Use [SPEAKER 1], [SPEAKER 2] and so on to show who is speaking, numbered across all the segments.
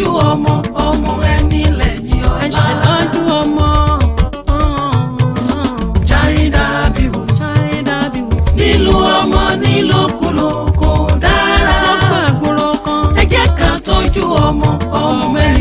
[SPEAKER 1] tọ́jú ọmọ ọmọ ẹni lẹ́yìn ọba. ẹ ṣètọ́jú ọmọ. China bills nílùú ọmọ nílòkulò kò dára. ẹ jẹ́ ká tọ́jú ọmọ ọmọ ẹni.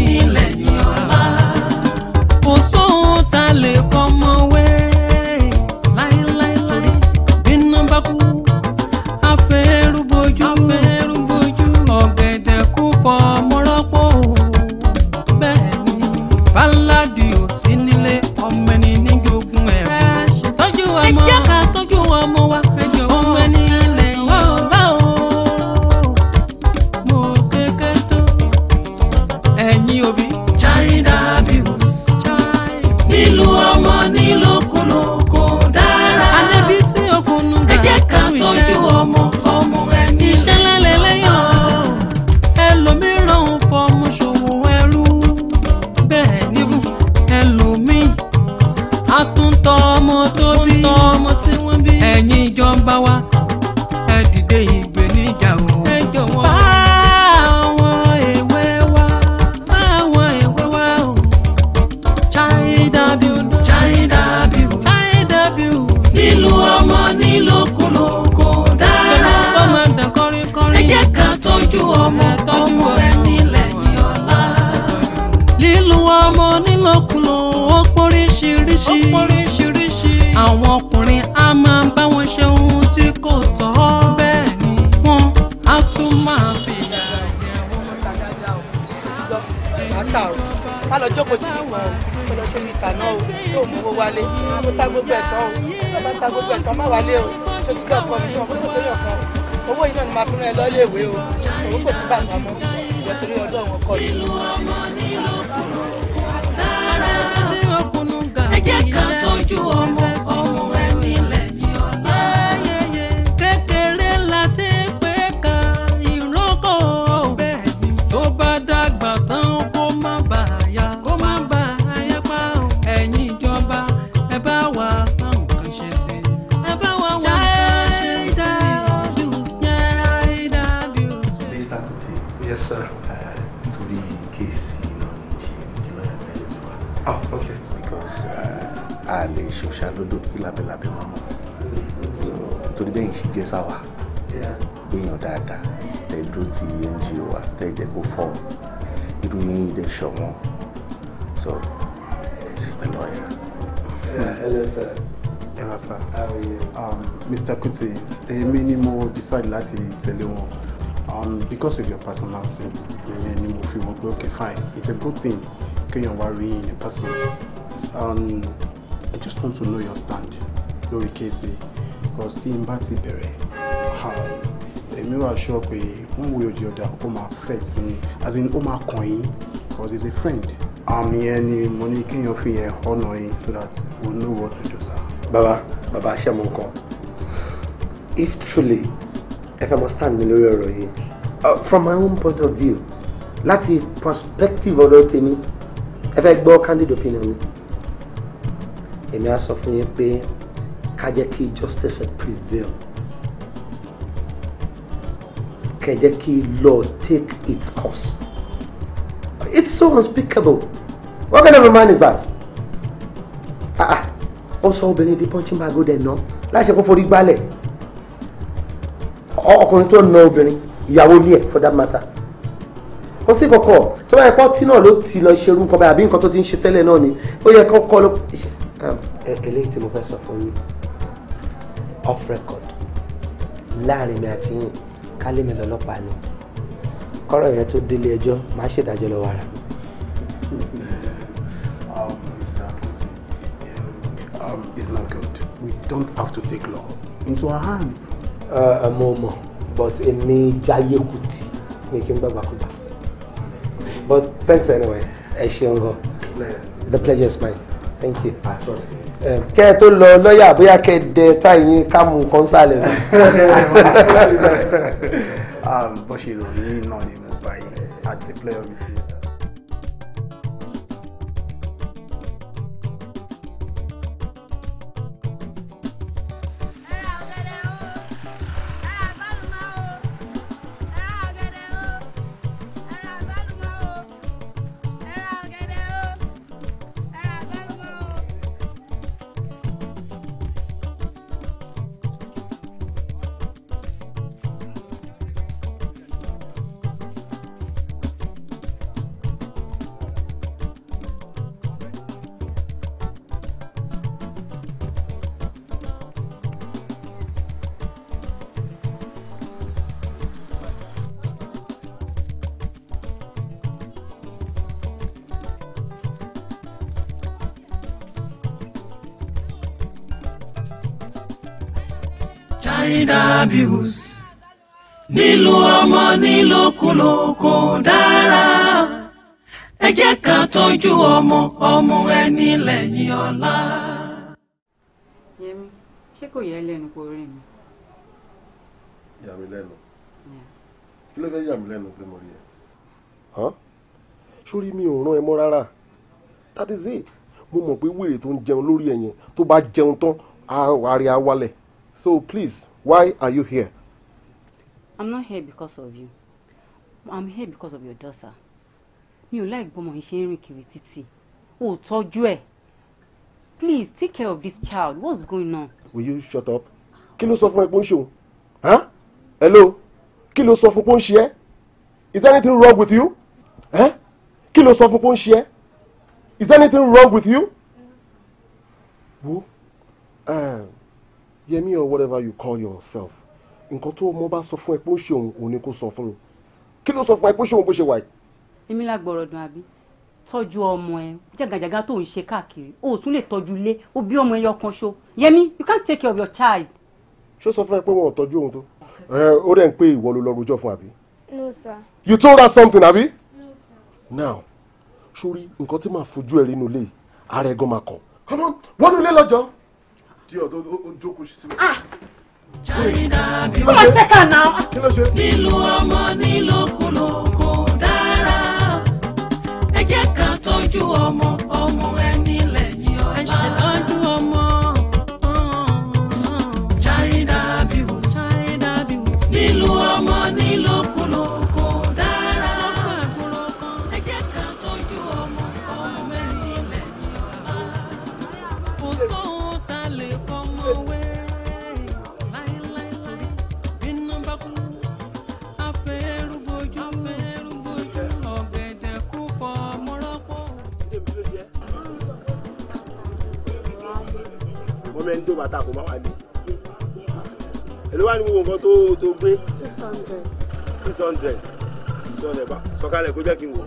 [SPEAKER 2] because of your personality ìyẹn ni mo fi wọ́n okay fine it's a good thing kéèyàn wá rí yín in person um, I just want to know your stand lórí Casey, because the n bá ti bẹ̀rẹ̀ èmi wà sure pé one way or the other ó máa fẹ́ as in ó máa because he's a friend àmì yẹn ni mo ní kéèyàn fi yẹn ọ̀nà so that we know what to do sir.
[SPEAKER 3] baba baba
[SPEAKER 2] ṣe mọ nǹkan if truly if I must stand mi lórí ọ̀rọ̀ yìí Uh, from my own point of view láti perspective ọ̀dọ̀ tèmi ẹ fẹ́ gbọ́ candid opinion mi èmi á sọ fún yín pé ká jẹ́ kí justice prevail kẹ jẹ́ kí law take its course it's so unspeakable what kind of a man is that ah ah ó sọ obìnrin di punching bag ó dẹ̀ nà láìsẹ̀ kó forí gbálẹ̀ ọkùnrin tó na obìnrin ìyàwó ilé ẹ̀ for that matter wọ́n sì kọ̀kọ̀ tó bá yẹ kó tí náà ló ti lọ ṣerú nǹkan báyìí àbí nǹkan tó ti ń ṣe tẹ́lẹ̀ náà ni ó yẹ kọ́kọ́ ló. Um, eléyìí tí mo fẹ́ sọ fún yín off record láàrin mi àti yín kálí mi lọ́lọ́pàá ni kọ́rọ̀ yẹn tó délé ẹjọ́ máa ṣèdájọ́ lọ́wọ́ ara um, um, it's not good. We don't have to take law into our hands. Uh, uh mo mọ̀ but èmi jáyé kùtì mi kì í gbàgbàkúgbà but thanks anyway ẹ ṣeun gan the pleasure is mine thank you. I trust you kẹ́ ẹ tó lọ lọ́ọ̀yà bóyá kẹ́ ẹ dẹ táyì yín ká mú nǹkan sálẹ̀. Um, bó ṣe rò ní náà ni mo bá yín àti playability
[SPEAKER 1] ọ̀la.
[SPEAKER 4] Yẹmi ṣé kò yẹ lẹ́nu kó
[SPEAKER 2] rí mi. yà mí lẹ́nu kí ló fẹ́ yà mí lẹ́nu pé mo rí ẹ. sórí mi ò rán ẹ mọ́ rárá that is it mo mọ̀ pé wèrè tó ń jẹun lórí ẹ yẹn tó bá jẹun tán àárẹ̀ á wálẹ̀ so please why are you here.
[SPEAKER 4] I'm not here because of you. I'm here because of your daughter mi ò láì gbọmọ ìṣe ń rìn kiri títì o ò tọ́jú Please take care of this child. What's going on?
[SPEAKER 2] Will you shut up? Kí ló sọ fún ẹ ń ṣe òun? Hello? Kí ló sọ fún pé ń ṣe ẹ́? Is anything wrong with you? Eh? Kí ló sọ fún pé ń ṣe ẹ́? Is anything wrong with you? Wo eh, Yemi or whatever you call yourself, nǹkan tó ọmọ bá sọ fún ẹ pé ó ń ṣe òun òun ni kó sọ fún mi. Kí ló sọ fún ẹ pé ṣe òun bó ṣe wà yìí?
[SPEAKER 4] Èmi lágbọ̀rọ̀ dùn àbí tọ́jú ọmọ ẹ jàgàjàgà tó ń ṣe káàkiri o ò tún lè tọ́jú ilé o bí ọmọ ẹ yọ kan ṣo Yẹmi you can't take care of your child.
[SPEAKER 2] ṣó sọ fún ẹ pé wọn ò tọ́jú òun tó ó dẹ̀ ń pé ìwọ ló lọ rojọ́ fún àbí. no sir. you told her something àbí. no sir. now sori nǹkan tí màá fojú ẹ rí inú ilé ara ẹ gan máa kọ ọmọ wọn nílé lọ́jọ́. tí ọ̀ tó jókòó sí China bí wọ́n
[SPEAKER 3] ṣe nílùú
[SPEAKER 2] ọmọ nílùú
[SPEAKER 1] kúlókó jẹ́ ká tọ́jú ọmọ ọmọ ẹni.
[SPEAKER 2] tó bàtà kò má wà lé èló wà ní gbogbo nǹkan tó tó gbé. six hundred. six hundred six hundred bá sọ̀kalẹ̀ kó jẹ́ kí n wò.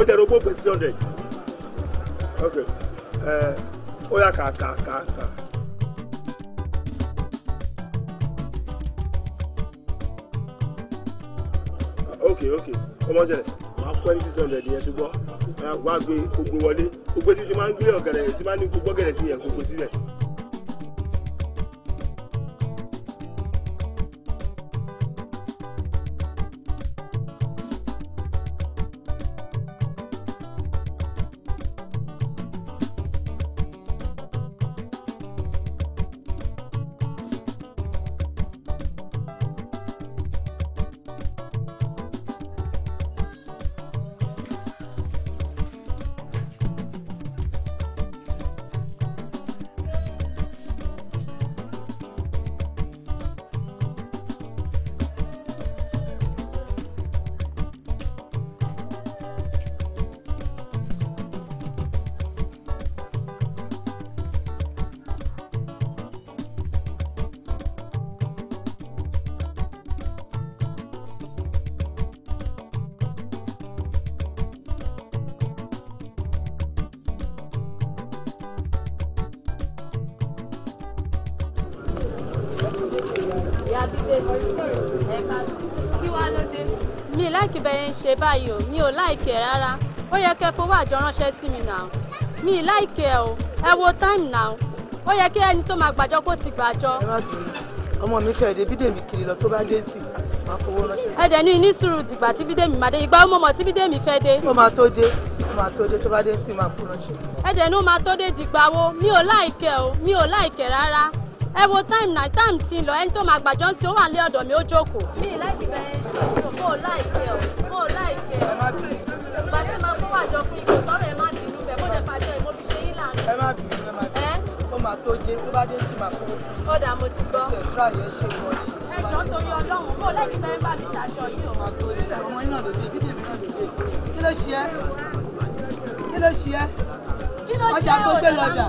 [SPEAKER 2] ó tẹ̀ ló gbó pé six hundred ok ó yà kà kà kà kà. ok ok ọmọ jẹrẹ twenty six hundred yẹn ti gbọ́ wá gbé gbogbo wọlé gbogbo tí ti máa ń gbé ọ̀gẹ̀dẹ̀ tí máa ń ní gbogbo ọ̀gẹ̀dẹ̀ sí yẹn gbogbo sílẹ̀.
[SPEAKER 5] mi láìkí bẹ́ẹ̀ ń ṣe báyìí o mi ò láìkí ẹ̀ rárá ó yẹ kẹ́ fowó àjọ ránṣẹ́ sí mi náà mi láìkí ẹ o ẹ wo táìmù náà ó yẹ kí ẹni tó máa gbàjọ kó ti gbàjọ. ẹ má bínú
[SPEAKER 2] ọmọ mi fẹ́ de bídèmí kiri lọ tó bá dé sí máa fowó
[SPEAKER 5] ránṣẹ́. ẹ dẹ̀ ní ní sùúrù dìgbà tí bídèmí máa dé ìgbà ó mọ̀mọ́ tí bídèmí fẹ́ dé. ó máa tó dé ó máa tó dé tó bá dé sí máa fowó ránṣẹ́. ẹ ní ó máa tó dé dìgbà wo mi ò láìkẹ́ o mi ò láìkẹ́ rárá ẹ wo time náà time ti lọ ẹni tó máa gbàjọ́ ń sin ó wà lé ọ̀dọ̀ mi ó jókòó. mi ì láì bẹ̀rẹ̀ ṣe mo ò láì jẹ ọ mo ò láì jẹ ọ ìgbà tí máa kó wàjọ fún ikú tọrọ ẹ má bínú bẹ mo lè fàjọ ẹ mo fi ṣe yín lànà. ẹ má bínú ẹ má bínú ó máa tó jẹ tó bá dé sí máa kó. ó dà mo ti gbọ́. ṣèṣúra yẹn ṣe wọlé. ẹ jọ ń torí ọlọ́run mo ò lẹ́yìn bẹ́ẹ̀ bá mi ṣàṣọ yìí o. ọmọ iná ló dé kíkì mi náà ló dé kí ló ṣe ẹ́ kí ló ṣe ẹ́ ọjà tó gbé lọ́jà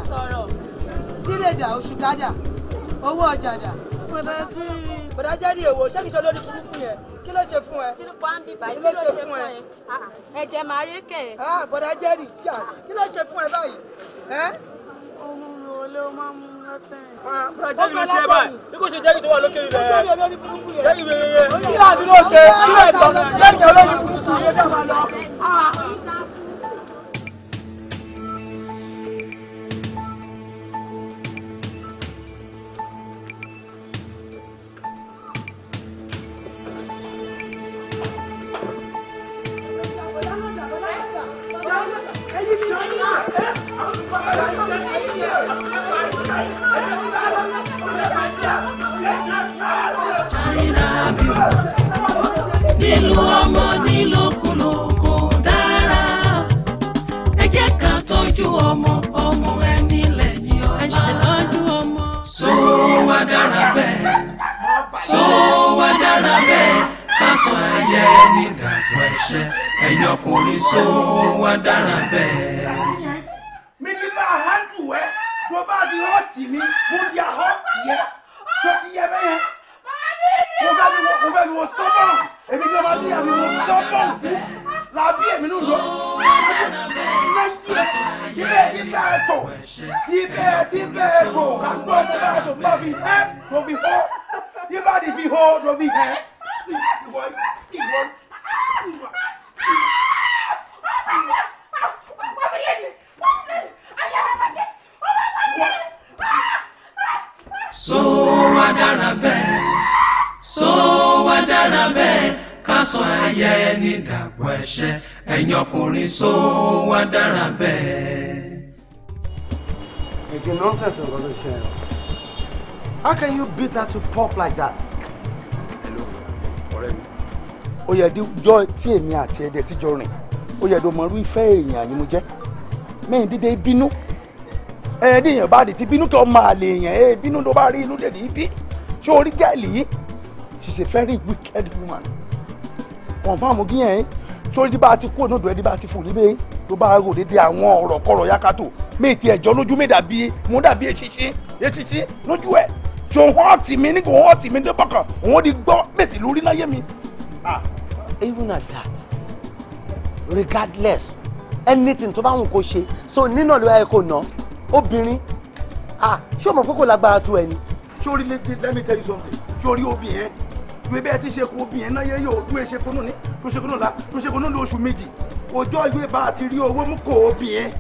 [SPEAKER 5] kí lè dà oṣù kájà owó ọ̀jàdà. bọ̀dá jẹ́ ní èwo ṣé kìí ṣe olórí burúkú yẹn kí ló ṣe fún ẹ. kí ló pa ń bíbá kí ló ṣe fún ẹ. Ah, ah. ẹ̀jẹ̀ máa rí kẹ̀. Ah, bọ̀dá jẹ́ ní kí ló ṣe fún ẹ báyìí.
[SPEAKER 1] ọmọ
[SPEAKER 3] mi ò lè máa mú lọ́tẹ̀. bọ̀dá jẹ́ ní ló ṣe báyìí
[SPEAKER 2] bí kò ṣe jẹ́ ìtọ́wà lókè ilẹ̀ yẹn.
[SPEAKER 3] jẹ́ ìwé yẹn. kí ló ṣe kí ló ṣe jẹ́ ìtọ́wà lókè ilẹ̀ yẹn.
[SPEAKER 1] ọkùnrin só wá dára bẹ́ẹ̀.
[SPEAKER 2] mi ní máa handle ẹ tó bá di họ́ọ̀tì mi mo di ahọ́ọ̀tì yẹ tó ti yẹ bẹ́yẹn mo fẹ́ mi mo fẹ́ mi mo stọ́pọ̀ èmi ní ọmọ mi àmì mo stọ́pọ̀ kú làbí èmi ní ìlú ibẹ̀ ibẹ̀ ètò ibẹ̀ ibẹ̀ ètò àgbọ̀n ibẹ̀ ètò mo fi hẹ́ mo fi hó ibà ní fi hó mo fi hẹ́.
[SPEAKER 1] ẹ̀ṣẹ̀ ẹ̀yin ọkùnrin só wá dára bẹ́ẹ̀.
[SPEAKER 2] It's nonsense I'm gonna share. How can you beat her to pop like that?
[SPEAKER 3] Hello, ọ̀rẹ́ mi.
[SPEAKER 2] Ó yẹ díjọ́ tí èmi àti ẹ̀dẹ̀ tíjọ rìn. Ó yẹ dòmọ̀ irú ìfẹ́ èèyàn ni mo jẹ́. Mẹ́yìn dídé bínú. Ẹ̀ẹ́dì èèyàn bá dì ti bínú kí ọmọ àlè èèyàn ẹ̀ bínú ló bá rí inú dèdè ibi. Ṣé orí gẹ́ẹ̀lì yìí? She's a very wicked woman. Confirm again sórí bá a ti kú ònàdó ẹni bá a ti fò níbẹ̀ tó bá rò dédé àwọn ọ̀rọ̀ kọ̀rọ̀ yakato mi ti ẹ̀jọ́ lójú mi dàbí mo dàbí eṣinṣin eṣinṣin lójú ẹ̀ ṣò hàn tì mí nígbà hàn tì mí dé bọ́kàn òun di gbọ́ mètì lórí náyé mi. Ah, even at that regardless anything tó bá wù kó ṣe so nínà ló yẹ kó ná obìnrin ah, ṣé o mọ̀ pé kò lágbára tó ẹni. sórí let me tell you something sórí obìnrin ìwé bẹ́ẹ̀ ti ṣe kó obìnrin náà yẹ yóò rú èṣe kó nù ní ló ṣe kónú la ló ṣe kónú lu oṣù méjì ọjọ́ ìwé bá a ti rí owó mú kó o bì yẹn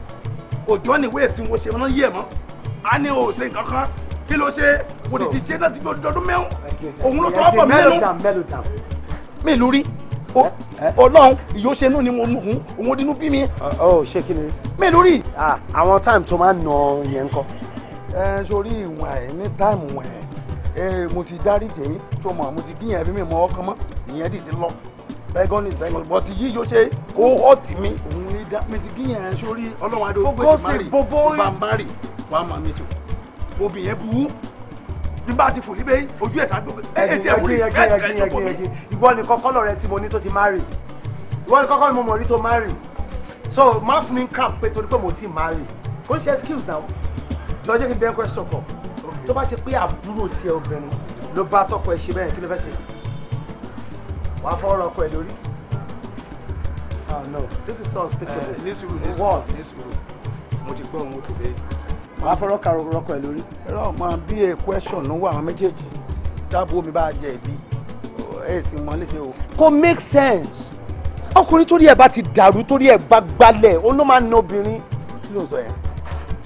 [SPEAKER 2] ọjọ́ ni ìwé ìsìn wo ṣe wọn yé mọ́ a ní o ṣe nǹkan kan kí ló ṣe kò tètè ṣe láti fi ọdún mẹ́wọ́n òun ló tọ́ bọ̀ mẹ́nu mi lórí ọlọ́run ìyóṣenú ni mo mú òun dínú bí mi. ọ ṣé kí ni. mi lórí. àwọn táìmù tó máa ń nà yẹn ń kọ. ẹ sórí ìwọ̀n ẹ̀ ní táìmù ẹ̀ mo ti dáríjì tó mọ̀ mo ti bí yẹn bí mi mọ ọkàn mọ́ ìyẹn dì ti lọ bẹ́gọ́nì bẹ́gọ́nì bọ́tí yí yóò ṣe ó họ́ tì mí. òun ní dá mi ti gíyàn sórí ọlọ́run adé ògbó ìmárì bó bá ń bárì wà á máa mi tò obìnrin buwú nígbà tí fò níbẹ̀ ojú ẹ̀ sábẹ́ ẹ̀ tí ẹ̀ wọlé ẹ̀ ẹ̀ ẹ̀ jọ̀bọ̀ mi. ìwọ ni kọ́kọ́ lọ rẹ tí mo ní tó ti márì ìwọ ni kọ́kọ́ ni mo mọ̀ ní tó márì so má fún mi crap pé torí pé mo ti márì kò ń ṣe excuse now lọ jẹ́ kí n bẹ́ẹ̀ question kọ̀ tó bá ṣe pé àbúrò tiẹ̀ obìnrin ló bá tọkọ ẹ̀ ṣe bẹ́ẹ̀ kí ló fẹ́ ṣe wàá fọ́ ọ̀rọ̀ ọkọ ẹ̀ lórí. ah no this is so unspeakable. Eh, ní sùúrù ní sùúrù ní sùúrù mo ti gbọ́ òun òkè bẹ́ẹ̀. wàá fọ́ ọ̀rọ̀ ọkọ ẹ̀ lórí. ẹ̀rọ máa bí a question ló wà àwọn méjèèjì dáàbò mi bá jẹ ìbí ẹ̀ sì mọ́ léṣe o. kò make sense ọkùnrin torí ẹ̀ bá ti dàrú torí ẹ̀ bá gbalẹ̀ òun ló máa ń na obìnrin kí ló sọ yẹn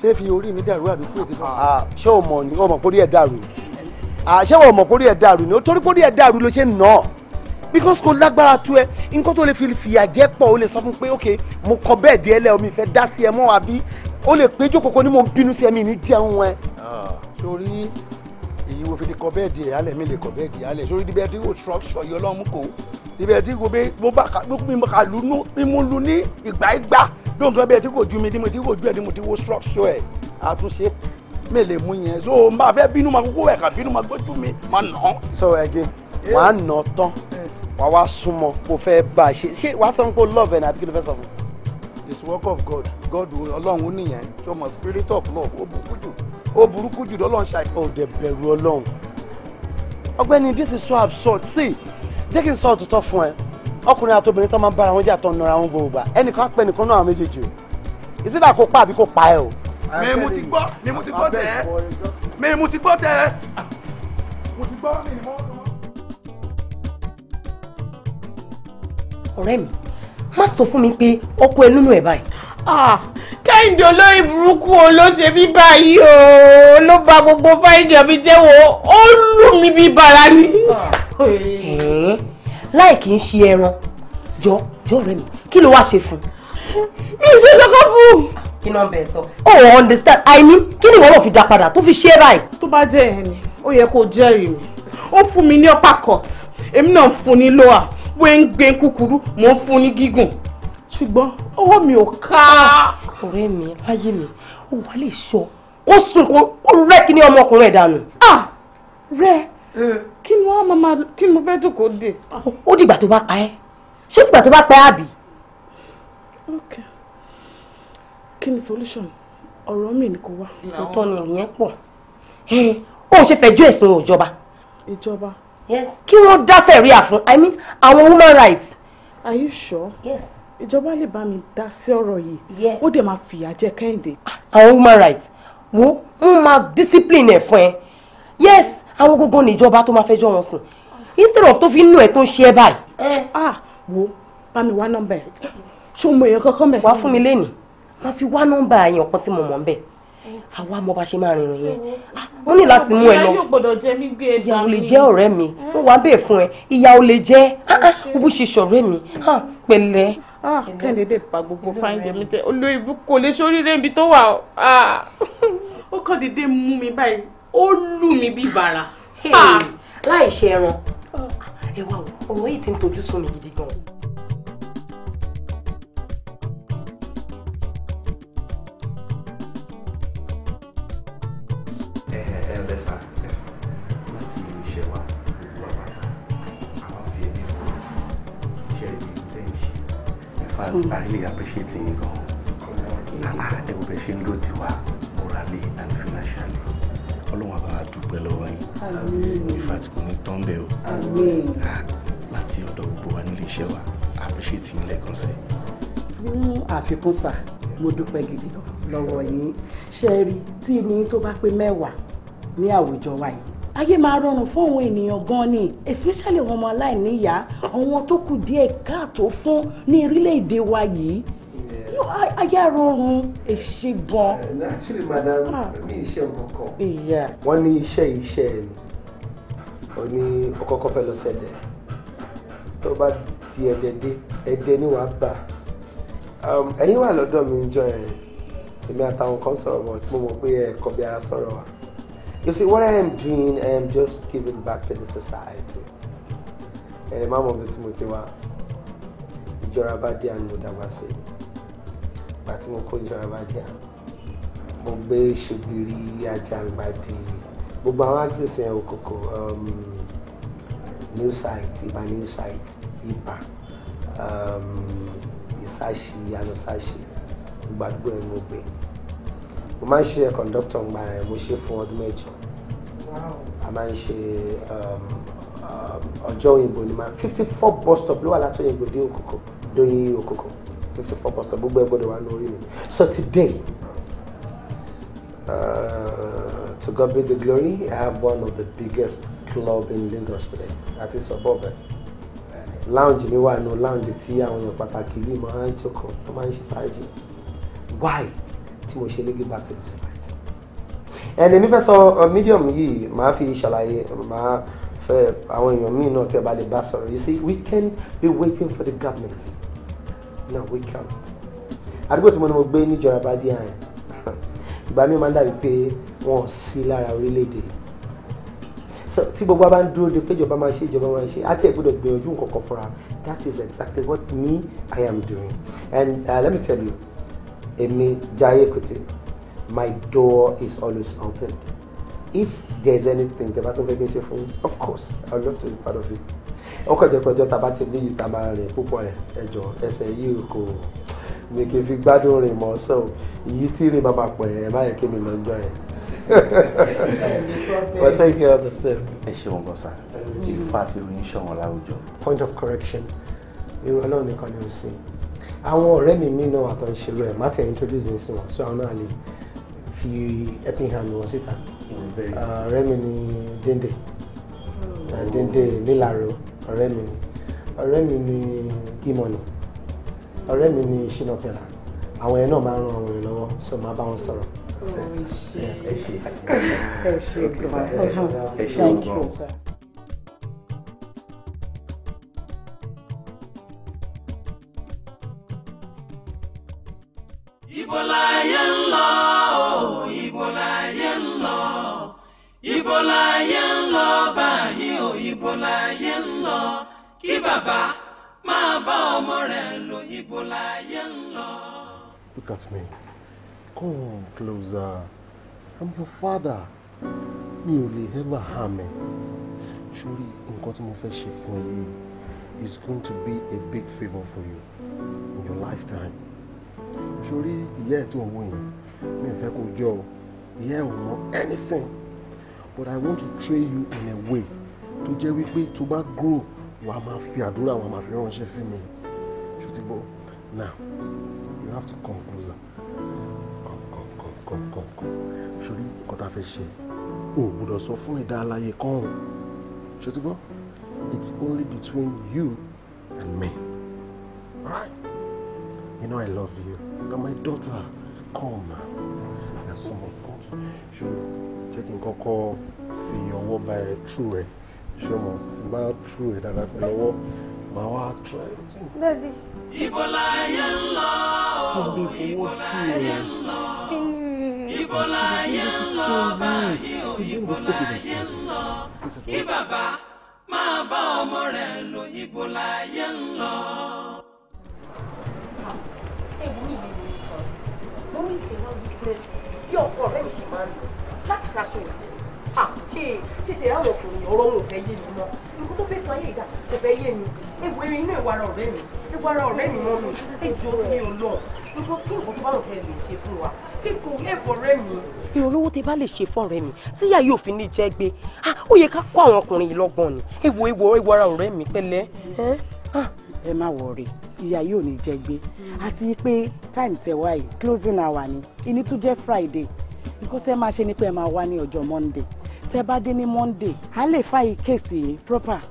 [SPEAKER 2] ṣé fi orí mi dàrú àbí kúrò tìfọ. Ah, ah, ṣé o mọ̀ ni o mọ̀ kórìí ẹ̀ dàrú ni ah, ṣé o mọ̀ kórìí ẹ̀ dàrú ni o torí kórìí ẹ̀ dàrú ló ṣe ń nà because kò lágbára tu ẹ nǹkan tó lè fi fìyà jẹ pọ̀ o lè sọ fún pé ok mo kọ bẹ́ẹ̀ di ẹlẹ omi ìfẹ́ dá sí ẹ mọ́ àbí o lè pé jókòó ni mo bínú sí ẹmí ní jẹun ẹ. Ah, sórí èyí wo fi lè kọ bẹ́ẹ̀ di ẹ alẹ mi lè kọ bẹ́ẹ̀ di ẹ alẹ sórí ibẹ̀ tí o sọ yọ lọmú kò ibẹ̀ tí kò bẹ mo bá ka mi mo ka lu nu mi mo lu ní ìgbà ìgbà dóun kan bẹ́ẹ̀ tí kò ju mi tí mo ti kò ju ẹ tí mo ti wo structure ẹ àtúnṣe mi lè mú yẹn so n bá fẹ́ bínú ma kókó ẹ̀ ká bínú ma gbójú mi ma nà. sọ ẹ gé wàá nà tán wàá wá súnmọ́ kó fẹ́ bá a ṣe ṣé wàá sọ love ẹ̀ ní àbí kí ló fẹ́ this work of God God ọlọ́run nìyẹn tó mọ̀ spirit of love ó burúkú jù ó burúkú jù lọ́lọ́run ṣàì. ó dẹ̀ bẹ̀rù ọlọ́run ọ̀gbẹ́ni this is so absurd see jẹ́ kí n sọ òtútọ́ fún ẹ ọkùnrin àtobìnrin tó máa ń bára wọn jẹ́ àtọ̀ nara wọn gbogbo ẹnìkan pẹ́ nìkan náà méjèèjì o ìsídà kó pa àbí kó pa ẹ o. mẹ́mu ti gbọ́ mẹ́mu ti gbọ́ tẹ́ mẹ́mu ti gbọ́ tẹ́ mo ti gbọ́ mi ni
[SPEAKER 5] ọ̀rẹ́ mi má sọ fún mi pé ọkọ ẹ lónú ẹ̀ báyìí. Ah, kẹ́hìndé olórí burúkú o ló ṣe bí báyìí
[SPEAKER 2] o ló bà gbogbo fáìlì ọ̀bí jẹ́wọ́ ó lù mí bí bàrà ni.
[SPEAKER 5] láì kì í ṣe ẹran jọ jọ ọ̀rẹ́ mi kí ló wá ṣe fún
[SPEAKER 4] un. mi ṣe kọ́kọ́ fún un. kí ló ń bẹ̀ sọ.
[SPEAKER 5] o oh, understand i mean kí ni ìwọ náà fi dá padà tó fi ṣe é báyìí. tó bá jẹ́ ẹni ó yẹ kó jẹ́rìí mi ó fún mi ní upper
[SPEAKER 2] cut èmi náà fún un ní lower gbẹngbẹng kúkúrú mò ń fún ní gígùn ṣùgbọ́n ọwọ́ mi ò ká. ọ̀rẹ́ mi láyé mi ó wà lè sọ kó
[SPEAKER 5] sùn kó rẹ́ kí ni ọmọkùnrin ẹ̀ dànù. rẹ kí ni wọn máa kí ni mo fẹ́ tó kó dé. ó dìgbà tó bá pa ẹ́ ṣé dìgbà tó bá pa ẹ́ àbí. okay kí ni solution ọ̀rọ̀ mi ni kò wá. òótọ́
[SPEAKER 2] ni ìyẹn pọ̀ ó ń ṣe fẹjọ́ ẹ̀sùn ìjọba. ìjọba yes.
[SPEAKER 4] kí wọ́n dá sẹ̀ríà fún i mean àwọn human rights.
[SPEAKER 5] are you sure. yes. ìjọba lè bá mi dá sí ọ̀rọ̀ yìí. yes. ó dẹ̀ máa fìyà jẹ kẹ́hìndé. àwọn human rights wo wọ́n máa discipline ẹ̀ fún ẹ yes àwọn gógó ni ìjọba tó máa fẹ́ jọ wọn sùn instead of tó fi ń nù ẹ tó ń ṣe ẹ báyìí. Eh. ah wo bá mi wá nọ́mbà ẹ ṣé
[SPEAKER 4] o mọ èèyàn kankan bẹ. wàá fún mi lẹ́nìí wàá fi wá nọ́mbà èèyàn kan tí mo mọ̀ ń bẹ̀ àwa mọ bá
[SPEAKER 5] ṣe máa rìnrìn yẹn
[SPEAKER 2] ó ní láti mú ẹ lọ ìyá ò lè jẹ́ ọ̀rẹ́
[SPEAKER 5] mi eh? mo wá bẹ́ẹ̀ fún ẹ ìyá ò lè jẹ́ ah, ah, bó ṣe ṣọ̀rẹ́ mi ah, pẹ̀lẹ́.
[SPEAKER 2] kẹ́lẹ́ dẹ̀ pa gbogbo fáyìndé mi tẹ olóyìnbó kò lè ṣoríire ibi tó wà ó
[SPEAKER 5] kàn dédé mú mi báyìí ó lù mí bí bàrà. láì ṣe ẹran ẹ wá ọ̀rọ̀ yìí ti ń tojú sú mi gidi gan-an.
[SPEAKER 2] really appreciate yín Nana. ẹ wo bẹ ṣe ń dó tiwa morally and financially ọlọ́run àbá dúpẹ́ lọ́wọ́ yín ìfàtí kò ní tán bẹ́ẹ̀ o láti ọ̀dọ̀ gbogbo wa nílé iṣẹ́ wa appreciate yín lẹ́ẹ̀kan sí. ní àfikún sà mo dúpẹ́ gidi lọ́wọ́ yín ṣe rí tí irú yín
[SPEAKER 5] tó bá pé mẹ́wàá ní àwùjọ wa yìí ayé máa rọrùn fún àwọn ènìyàn gan ni especially àwọn ọmọ aláìní ìyá àwọn tó kù díẹ̀ káàtó fún ní orílẹ̀-èdè wa yìí ayé rọrùn èsì gan. Eh,
[SPEAKER 2] actually madam ah. mi iṣẹ́ kankan wọ́n ní iṣẹ́ iṣẹ́ ni ó ní ọkọ̀ọ̀kan fẹ́ lọ sẹ́dẹ̀ tó bá ti ẹ̀dẹ̀ dé ẹ̀dẹ̀ ni wàá bà um, ẹ̀yin wà lọ́dọ̀ mi ń jọ ẹ̀ èmi àtàwọn kan sọ̀rọ̀ mo mọ̀ pé ẹ̀kọ́ bí ara sọ̀rọ̀ wa. You see, what I am doing, I am just giving back to the society. And the mom of the Timothy wa, ìjọra bá dé àná dàgbà sí. Ìgbà tí mo kó ìjọra bá um, new site, Iba new site, Ipa, ìsáṣì, àlọ́sáṣì, gbàdúgbò ẹ̀ mo gbé mo máa ń ṣe ẹ̀ kọ̀ǹdọ́tọ̀ ńgbà ẹ̀ mo ṣe fún ọdún mẹ́jọ a máa ń ṣe um, um, ọjọ́ òyìnbó ni máa fifty four bus stop ló wà látọ̀ òyìnbó dé òkòkò lóyún òkòkò fifty four bus stop gbogbo ẹ̀ wà lórí mi so today uh, to God be the glory I have one of the biggest club in the industry. that is above it. lounge ni wà nù lounge tí àwọn èèyàn pàtàkì yìí máa ń jókòó tó máa ń ṣe fàájì why tí mo ṣe léegi back to the society. ẹni mi fẹ́ sọ uh, medium yìí màá fi ṣàlàyé màá fẹ́ àwọn èèyàn míì náà tẹ́ bá lè bá sọ̀rọ̀ you see we can be waiting for the government no we can't. àdúgbò tí mo ní mo gbé níjọra bá dí àyàn ìgbà mi máa ń dàbí pé wọn ò sí lára orílẹ̀-èdè tí gbogbo a bá ń dúró de péjọba máa ṣe ìjọba máa ṣe àti ẹ̀gbọ́dọ̀ gbìyànjú nǹkan kan fúnra that is exactly what me I am doing and uh, let me tell you Emi Jai Equity, my door is always open. If there's anything the battle making ṣe fún of course I'd love to be part of it. Ọkọ̀ ìjọba ìjọba tàbá ti ní ìta máa rìn púpọ̀ ẹ̀ ẹ̀jọ̀ ẹsẹ̀ yìí kò mi kì í fi gbádùn rìn mọ́ so èyí tí rìn bàbá pọ̀ ẹ̀ má yẹ kí mi lọ́jọ́ ẹ̀.
[SPEAKER 3] But thank you
[SPEAKER 2] all the same. Ẹ ṣeun gan sa, ìfà ti ròyìn ṣọ̀wọ́n láwùjọ. Point of correction, irú ọlọ́run nìkan ni ó sìn àwọn ọ̀rẹ́ mi mí náà àtọ̀ ìṣèlú ẹ̀ má tẹ̀ introduce ní sí wọn so àwọn náà lè fi helping hand wọn síta mm, uh, ọ̀rẹ́ mi ni Dende uh, Dende nílàró ọ̀rẹ́ mi ni ọ̀rẹ́ mi ni Imọ̀nà ọ̀rẹ́ mi ni Shina Pella àwọn yẹn náà máa ń ran àwọn yẹn lọ́wọ́ so máa bá wọn sọ̀rọ̀.
[SPEAKER 3] Oh, ẹ ṣe ẹ ṣe ẹ ṣe ẹ ṣe ẹ ṣe ẹ ṣe ẹ ṣe.
[SPEAKER 1] ibo láyé ń lọ ibo láyé ń lọ ibo láyé o ibo láyé kí bàbá máa bá ọmọ rẹ̀ lò ibo láyé
[SPEAKER 2] Look at me. Come closer. I'm your father. Mi ò lè ever harm ẹ. Surely nǹkan tí mo fẹ́ ṣe fún yìí is going to be a big favour for you in your lifetime sórí ìyá ẹ̀ tó wò yẹn mi ò fẹ́ kó jọ ìyá ẹ̀ ò anything but I want to train you in a way tó jẹ́ wípé tó bá grow wà á máa fi àdúrà wà á máa fi ránṣẹ́ sí mi ṣùtìbọ̀ now you have to come closer come come come come come come sórí nǹkan tá a fẹ́ ṣe o ò gbọ́dọ̀ sọ fún ẹ̀dá aláyé kan ṣùtìbọ̀ it's only between you and me. right? You know I love you. You're my daughter. Come. There's so much God. Ṣé jẹ́ kọ́kọ́ fi ọwọ́ bá ẹ tú ẹ. Ṣé mo ti bá tú ẹ dáadáa pẹ̀lú ọwọ́? Màá wá tú
[SPEAKER 3] Ibola ayé ń lọ.
[SPEAKER 2] Ibi ìfowó
[SPEAKER 1] Ibola ayé
[SPEAKER 2] ń lọ báyìí o. Ibola ayé ń lọ.
[SPEAKER 1] Kí bàbá máa bá ọmọ rẹ̀ lò. Ibola ayé ń
[SPEAKER 5] only if they want weakness bí ọkọ rẹ yìí máa ń lò láti ṣaṣọ òkú àké ṣe tẹ àwọn ọkùnrin ọ̀rọ̀ òun fẹ́ yé mi mọ nǹkan tó fẹ́ sọ ayé ìdá kò fẹ́ yé mi egbò erin inú ìwà ara ọ̀rẹ́ mi egbò ara ọ̀rẹ́ mi mọ mi ẹjọ́ mi
[SPEAKER 2] ò lọ nǹkan kí nǹkan tó bá lọ fẹ́ lè ṣe fún wa kí kò ẹ̀kọ́ rẹ mi.
[SPEAKER 5] ìrànlọ́wọ́ tẹ bá lè ṣe fún ọ̀rẹ́ mi tí ìyá yóò fi ní jẹ́ gbé ó yẹ ká kó àwọn ọkùnrin yìí lọ́gbọ̀n ni egbò egbò
[SPEAKER 2] egbò ara ọ̀rẹ́ mi pẹ̀lẹ́ ẹ má wọrí ìyá yóò ní jẹ gbé hmm. àti pé time tẹ wá closing hour ni ìní tún jẹ́ friday nǹkan tẹ́ máa ṣe ni pé ẹ máa wá ní ọjọ́ monday tẹ́ bá dé ní monday à ń lè fàyè kéèsì yìí proper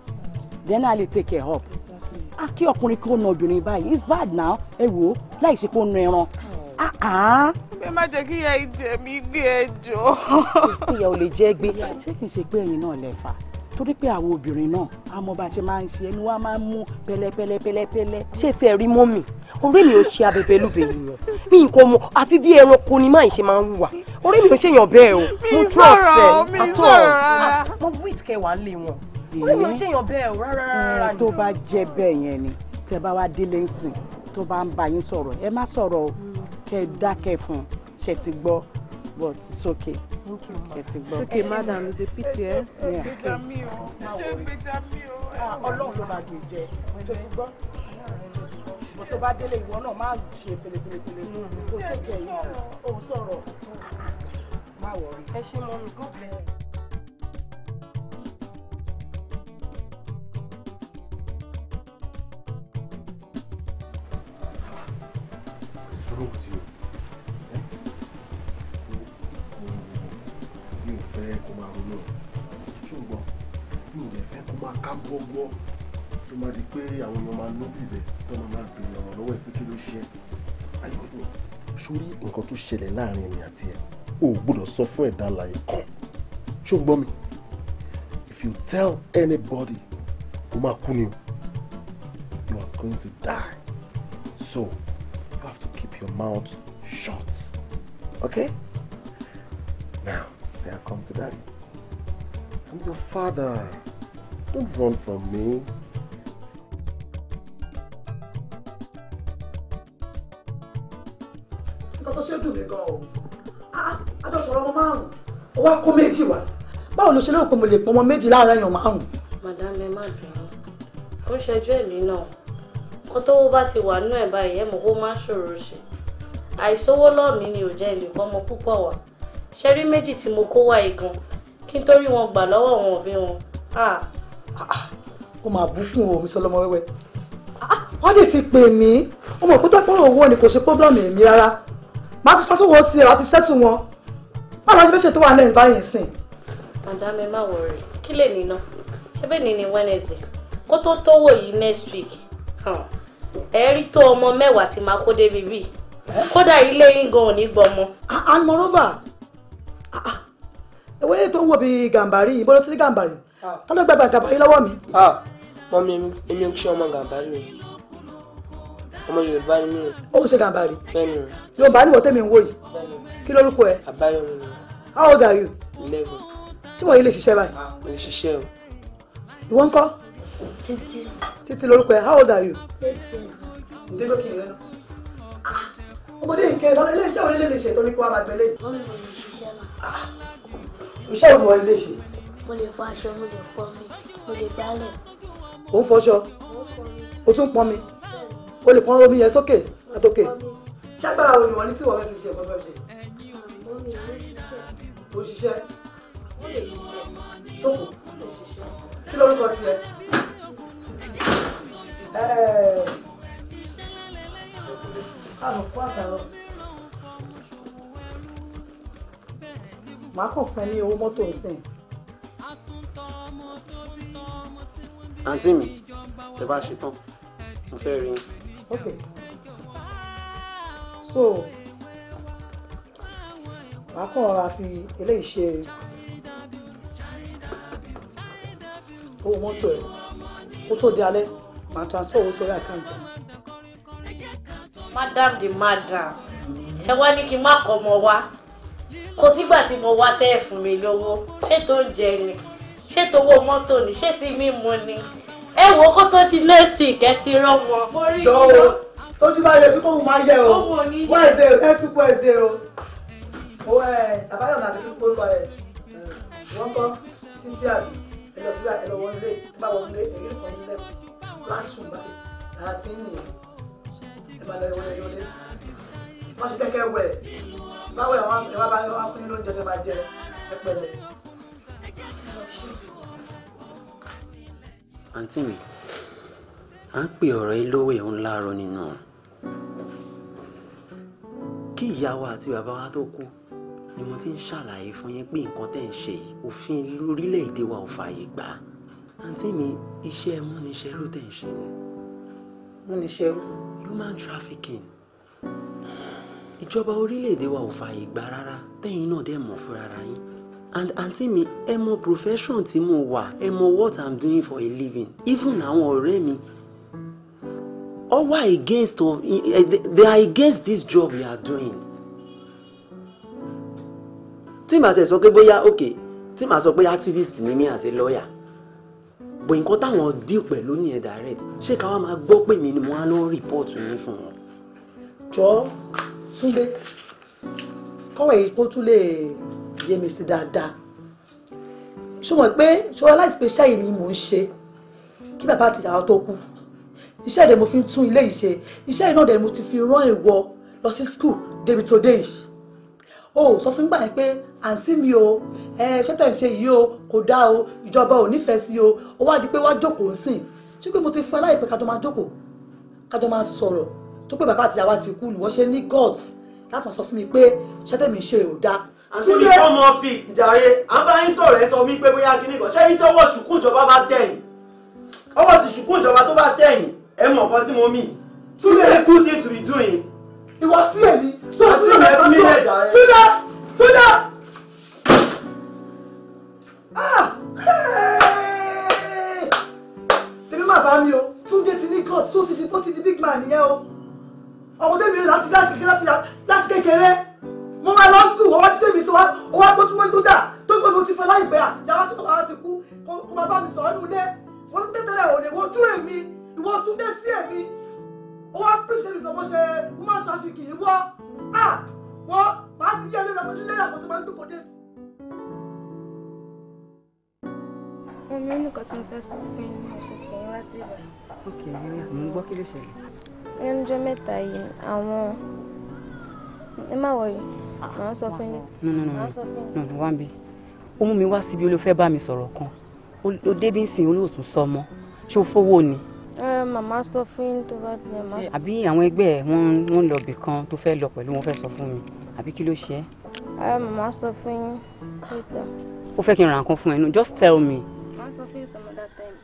[SPEAKER 2] then a lè take care of a kí ọkùnrin kí na obìnrin báyìí it's bad now ẹ wò ó láì ṣe pé ó na ẹran ẹ má jẹ́ kí ìyá ìjẹ̀mí gbé ẹjọ́. ìyá ò lè jẹ́ gbé ṣé kìí ṣe pé ẹ̀yin náà lè fà torí pé àwọn obìnrin náà a mọ
[SPEAKER 5] bá ṣe máa ń ṣe ẹni wá máa ń mú pẹ̀lẹ́pẹ̀lẹ́pẹ̀lẹ́pẹ̀lẹ́ ṣé tẹ rí mọ́ mi orí mi ò ṣe abẹ̀bẹ̀ lóbìnrin yẹn mi nǹkan mọ àfi bí ẹranko ni máa ń ṣe máa ń wùwà orí mi ò ṣèyàn bẹ́ẹ̀ o mo trust ẹ àtọ ah, mo wit kẹwàá ń lé wọn orí mi ò ṣèyàn bẹ́ẹ̀
[SPEAKER 2] o rárá rárá ni. tó bá jẹ́ bẹ́ẹ̀ yẹn ni tẹ bá wá délé ń sìn tó bá ń ba yín sọ̀rọ̀ ẹ má sọ̀rọ̀ o mm. kẹ dákẹ́ fún ṣe ti gbọ́ but it's okay.
[SPEAKER 5] Thank you, ma. Ṣókè madam ṣe pìtì ẹ. Ṣé gbẹ̀mí
[SPEAKER 2] o? Ṣé gbẹ̀mí o? Ah, Ọlọ́run ló máa gbè jẹ. Ṣé ti gbọ́? Bó tó bá délé ìwọ náà máa ṣe pelepele. Kò tẹ̀kẹ̀ yìí òun sọ̀rọ̀. Má wọrí. sórí nǹkan tó ṣẹlẹ̀ láàrin èmi àti ẹ̀ o gbọ́dọ̀ sọ fún ẹ̀dá alààyè kan ṣùgbọ́n mi if you tell anybody o máa kú ni o you are going to die so you have to keep your mouth shut okay now they have come to daddy. I'm your father. Don't run from
[SPEAKER 5] me. nǹkan tó ṣe dùn mí gan o àjọ ah, ah, sọ̀rọ̀ ọmọ márùn-ún
[SPEAKER 2] ó wá kó méjì wá báwo ló ṣe lérò pé mo lè pọn ọmọ méjì láàárọ̀ èèyàn márùn-ún.
[SPEAKER 5] madame sure má bínú ó ń ṣẹjú ẹ̀mí náà not tówó I'm ti wà nínú ẹ̀ báyìí ẹ̀ mọ̀ kó má ṣòro ṣe àìsówó lọ́ọ̀mí ni ò jẹ́ ìlú kọ́ ọmọ púpọ̀ wà ṣẹ́rí méjì tí mo kó wá igan kí n tó rí wọn gbà lọ́wọ́ wọn òbí wọn. Ah. ó máa bùkún o mi sọlọmọ wẹ́wẹ́ ah, wọ́n lè ti pè mí ó mọ̀ pé tọ́pọ̀ owó ni kò ṣe pọ́blọ́mù èmi rárá màá ti tọ́sí wo sí ẹ̀ láti sẹ́tù wọn má lọ́ọ́ ṣe tó wà lẹ́yìn báyìí sìn. madam ẹ má wọrí kí lè nínà ṣé bẹ́ẹ̀ ni ni Wednesday kó tó tówó yìí next week ẹ rí tó ọmọ mẹ́wàá tí máa kó débi bíi kódà ilé yín gan ò ní gbọmọ. Ah, and moreover Ah, ah. wọlé tó ń wọ bí gàǹbàrí yìí bọ́lá títí gàǹbàrí ká ló gbàgbà gàǹbàrí ah. lọ́wọ́ mi. Ah,
[SPEAKER 2] mọ mi èmi ò ṣe ọmọ gàǹbàrí o ọmọ yorùbá ni mí o. ó ń ṣe
[SPEAKER 5] gàǹbàrí. bẹ́ẹ̀ni. yorùbá ni wọ́n tẹ̀mí ń wò yìí. bẹ́ẹ̀ni. kí lórúkọ ẹ. àbáyọmí. how old are you. eleven. ṣé wọ́n yìí lè ṣiṣẹ́ báyìí. mo lè ṣiṣẹ́ o. ìwọ ń kọ́. títí. títí lórúkọ ẹ how old are you. eighteen. dégbò kì í lẹ́nu ọmọdé ìkẹyìn lọ ilé iṣẹ́ òun lè lè ṣètò nípa àgbẹ̀lẹ̀. wọ́n mi ò lè ṣiṣẹ́ náà
[SPEAKER 2] iṣẹ́ òun wọn lè ṣe.
[SPEAKER 5] mo lè fọ aṣọ mo lè pọn mi mo lè gbálẹ̀.
[SPEAKER 2] ò ń fọṣọ o tún pọn mi o lè pọn omi yẹn sókè àtòkè.
[SPEAKER 5] ṣágbára wo ni wọ́n ní tí wọ́n fẹ́ fi ṣe ẹ̀kọ́ fẹ́ ṣe. o ṣiṣẹ́ o lè ṣiṣẹ́ tó kù kí lórúkọ tiẹ̀. ẹ̀ẹ́d káàbọ̀ kó àtàrọ̀. màá kàn fún ẹ ní owó mọ́tò nsìn.
[SPEAKER 2] àǹtí mi ẹ bá ṣe tán mo fẹ́ rí yín.
[SPEAKER 5] ok so màá kàn ra fi eléyìí ṣe owó mọ́tò ẹ̀ kó tó di alẹ́ màá transfer owó sórí àkáǹtì. madam di madam ẹ wá ní kí n má kọ́ ọmọ wa kò sígbà tí mo wá tẹ́ ẹ̀ fún mi lówó ṣé tó ni ṣé tówó mọ́tò ni ṣé mímu ni ẹ wo kó tó di next week ẹ ti tó ti máa yẹ kí kóhùn máa yẹ o wẹ́ẹ̀dẹ̀ o next week wẹ́ẹ̀dẹ̀ o. o ẹ àbáyọ̀nà àti kíkó olúwa rẹ̀ wọ́n kọ́ títí àbí ẹlọ sílá ẹlọ wọn lé bá wọn lé èyí
[SPEAKER 2] kan ní lẹ́kọ̀ọ́ láṣùn báyìí àti nìyẹn ẹ máa lọ ìwọlé ìwọlé má ṣe kẹ́kẹ́ wẹ̀ báwo ẹ̀ wá bá wá fún yín lóúnjẹ ní máa jẹ ẹ pẹ̀lẹ́. àǹtí mi à ń pè ọ̀rọ̀ ilówó ẹ̀ ń láàárọ̀ nínú kí ìyá wa àti bàbá wa tó kú ni mo ti ń ṣàlàyé fún yín pé nǹkan tẹ́ ń ṣe yìí òfin lórílẹ̀‐èdè wa ò fààyè gbà á àǹtí mi iṣẹ́ múniṣẹ́rú tẹ́ ń ṣe ni múniṣẹ́rú human trafficking ìjọba orílẹ̀-èdè wa ò fààyè gbà rárá tẹ́yìn náà dẹ̀ mọ̀ fúnra ra yín and àǹtí mi ẹ mọ profession tí mo wà ẹ mọ what i'm doing for a living even àwọn ọ̀rẹ́ mi all were against of they are against this job we are doing tí màá tẹ̀ sọ pé bóyá ok tí màá sọ pé activist ni mí as a lawyer bò nǹkan táwọn deal pẹ̀lú nìyẹn direct ṣé káwa máa gbọ́ pé mi ni mo á lọ report mi fún wọn.
[SPEAKER 5] jọ̀ọ́ Súndé kọ́wọ̀ èyí kó tún lè yé mi sí dáadáa ṣó mọ̀ pé ṣọwọ́ láìsí pé iṣẹ́ yìí ni mò ń ṣe kí bàbá àti ìyàwó tó kú iṣẹ́ ìdẹ̀ mo fi ń tún ilé yìí ṣe iṣẹ́ iná ìdẹ̀ mo ti fi rán ìwọ lọ sí skul débi tó dé yìí o sọ fún gbà yẹn pé àǹtí mi o ẹ ṣẹ́tẹ̀ ń ṣe yìí o kò dáa o ìjọba ò nífẹ̀ẹ́ sí o ó wá di pé wá jókòó ń sìn ṣé pé mo ti fún ẹ láìpẹ́ ká jọ máa jókòó ká máa sọ̀rọ̀ tó pé bàbá àti ìyàwó àti ikú ni wọ́n ṣe ní gods láti máa sọ fún mi pé ṣẹ́tẹ̀mí ṣe ò dáa. àtúndì fọmọ fit
[SPEAKER 2] jàre à ń bá yín sọ̀rọ̀ ẹ sọ mí pé bóyá kíní kan ṣé yín sọ́wọ́ ṣùkú ìjọba bá tẹ̀yìn ọwọ́ ti ṣùkú ìjọba tó bá tẹ̀yìn ẹ mọ̀ nǹkan tí mo mì túlẹ̀ ẹ good thing to be doing. ìwà sí èmi tó sí èmi tó sí túdá túdá. tèmi máa bá mi o Túndé ti ní god tó ti di bó ti di big man nìyẹn o ọmọ tẹ́mi rẹ̀ láti láti kékeré láti kékeré mo máa lọ sùkúù ọwọ́ tí tèmi sọ wá ọwọ́ tó tún wọ́n gbódà tó gbé mo ti fẹ́ láìpẹ́ à yàrá tó bàbá ti kú kó máa bá mi sọ ọ́nù ilé wọ́n tún tẹ́tẹ́rẹ́ òde wọ́n tún èmi ìwọ tún dé sí èmi ọwọ́ prince tèmi sọ mo ṣe human trafficking ìwọ à wọ́n máa fi yé lẹ́rọ lẹ́rọ àkọsí máa ń dúkọ̀ dé.
[SPEAKER 5] mo ní nǹkan tí mo fẹ́ sọ fún yín ní ọ̀sẹ̀ kìíní wá sí ibà.
[SPEAKER 4] ok mo ń gbọ́ kí ló ṣẹlẹ̀
[SPEAKER 5] ní ọjọ́ mẹ́ta yìí àwọn ẹ má wọ̀nyí màá sọ fún yín. nùnùnùnù
[SPEAKER 4] wá mi ó mú mi wá síbi ó ló fẹ́ bá mi sọ̀rọ̀ kan ó débi ń sìn olóòtú sọmọ ṣó fowó ni.
[SPEAKER 5] màmá sọ fún yín tó bá tilẹ̀ má.
[SPEAKER 4] àbí àwọn ẹgbẹ́ ẹ̀ wọ́n ń lọ bì kan tó fẹ́ lọ pẹ̀lú wọn fẹ́ sọ fún mi àbí kí ló ṣe
[SPEAKER 5] é. màmá sọ fún yín.
[SPEAKER 4] ó fẹ́ kí n ra nǹkan fún ẹ nu just tell me.
[SPEAKER 5] màá sọ fún yín some other time.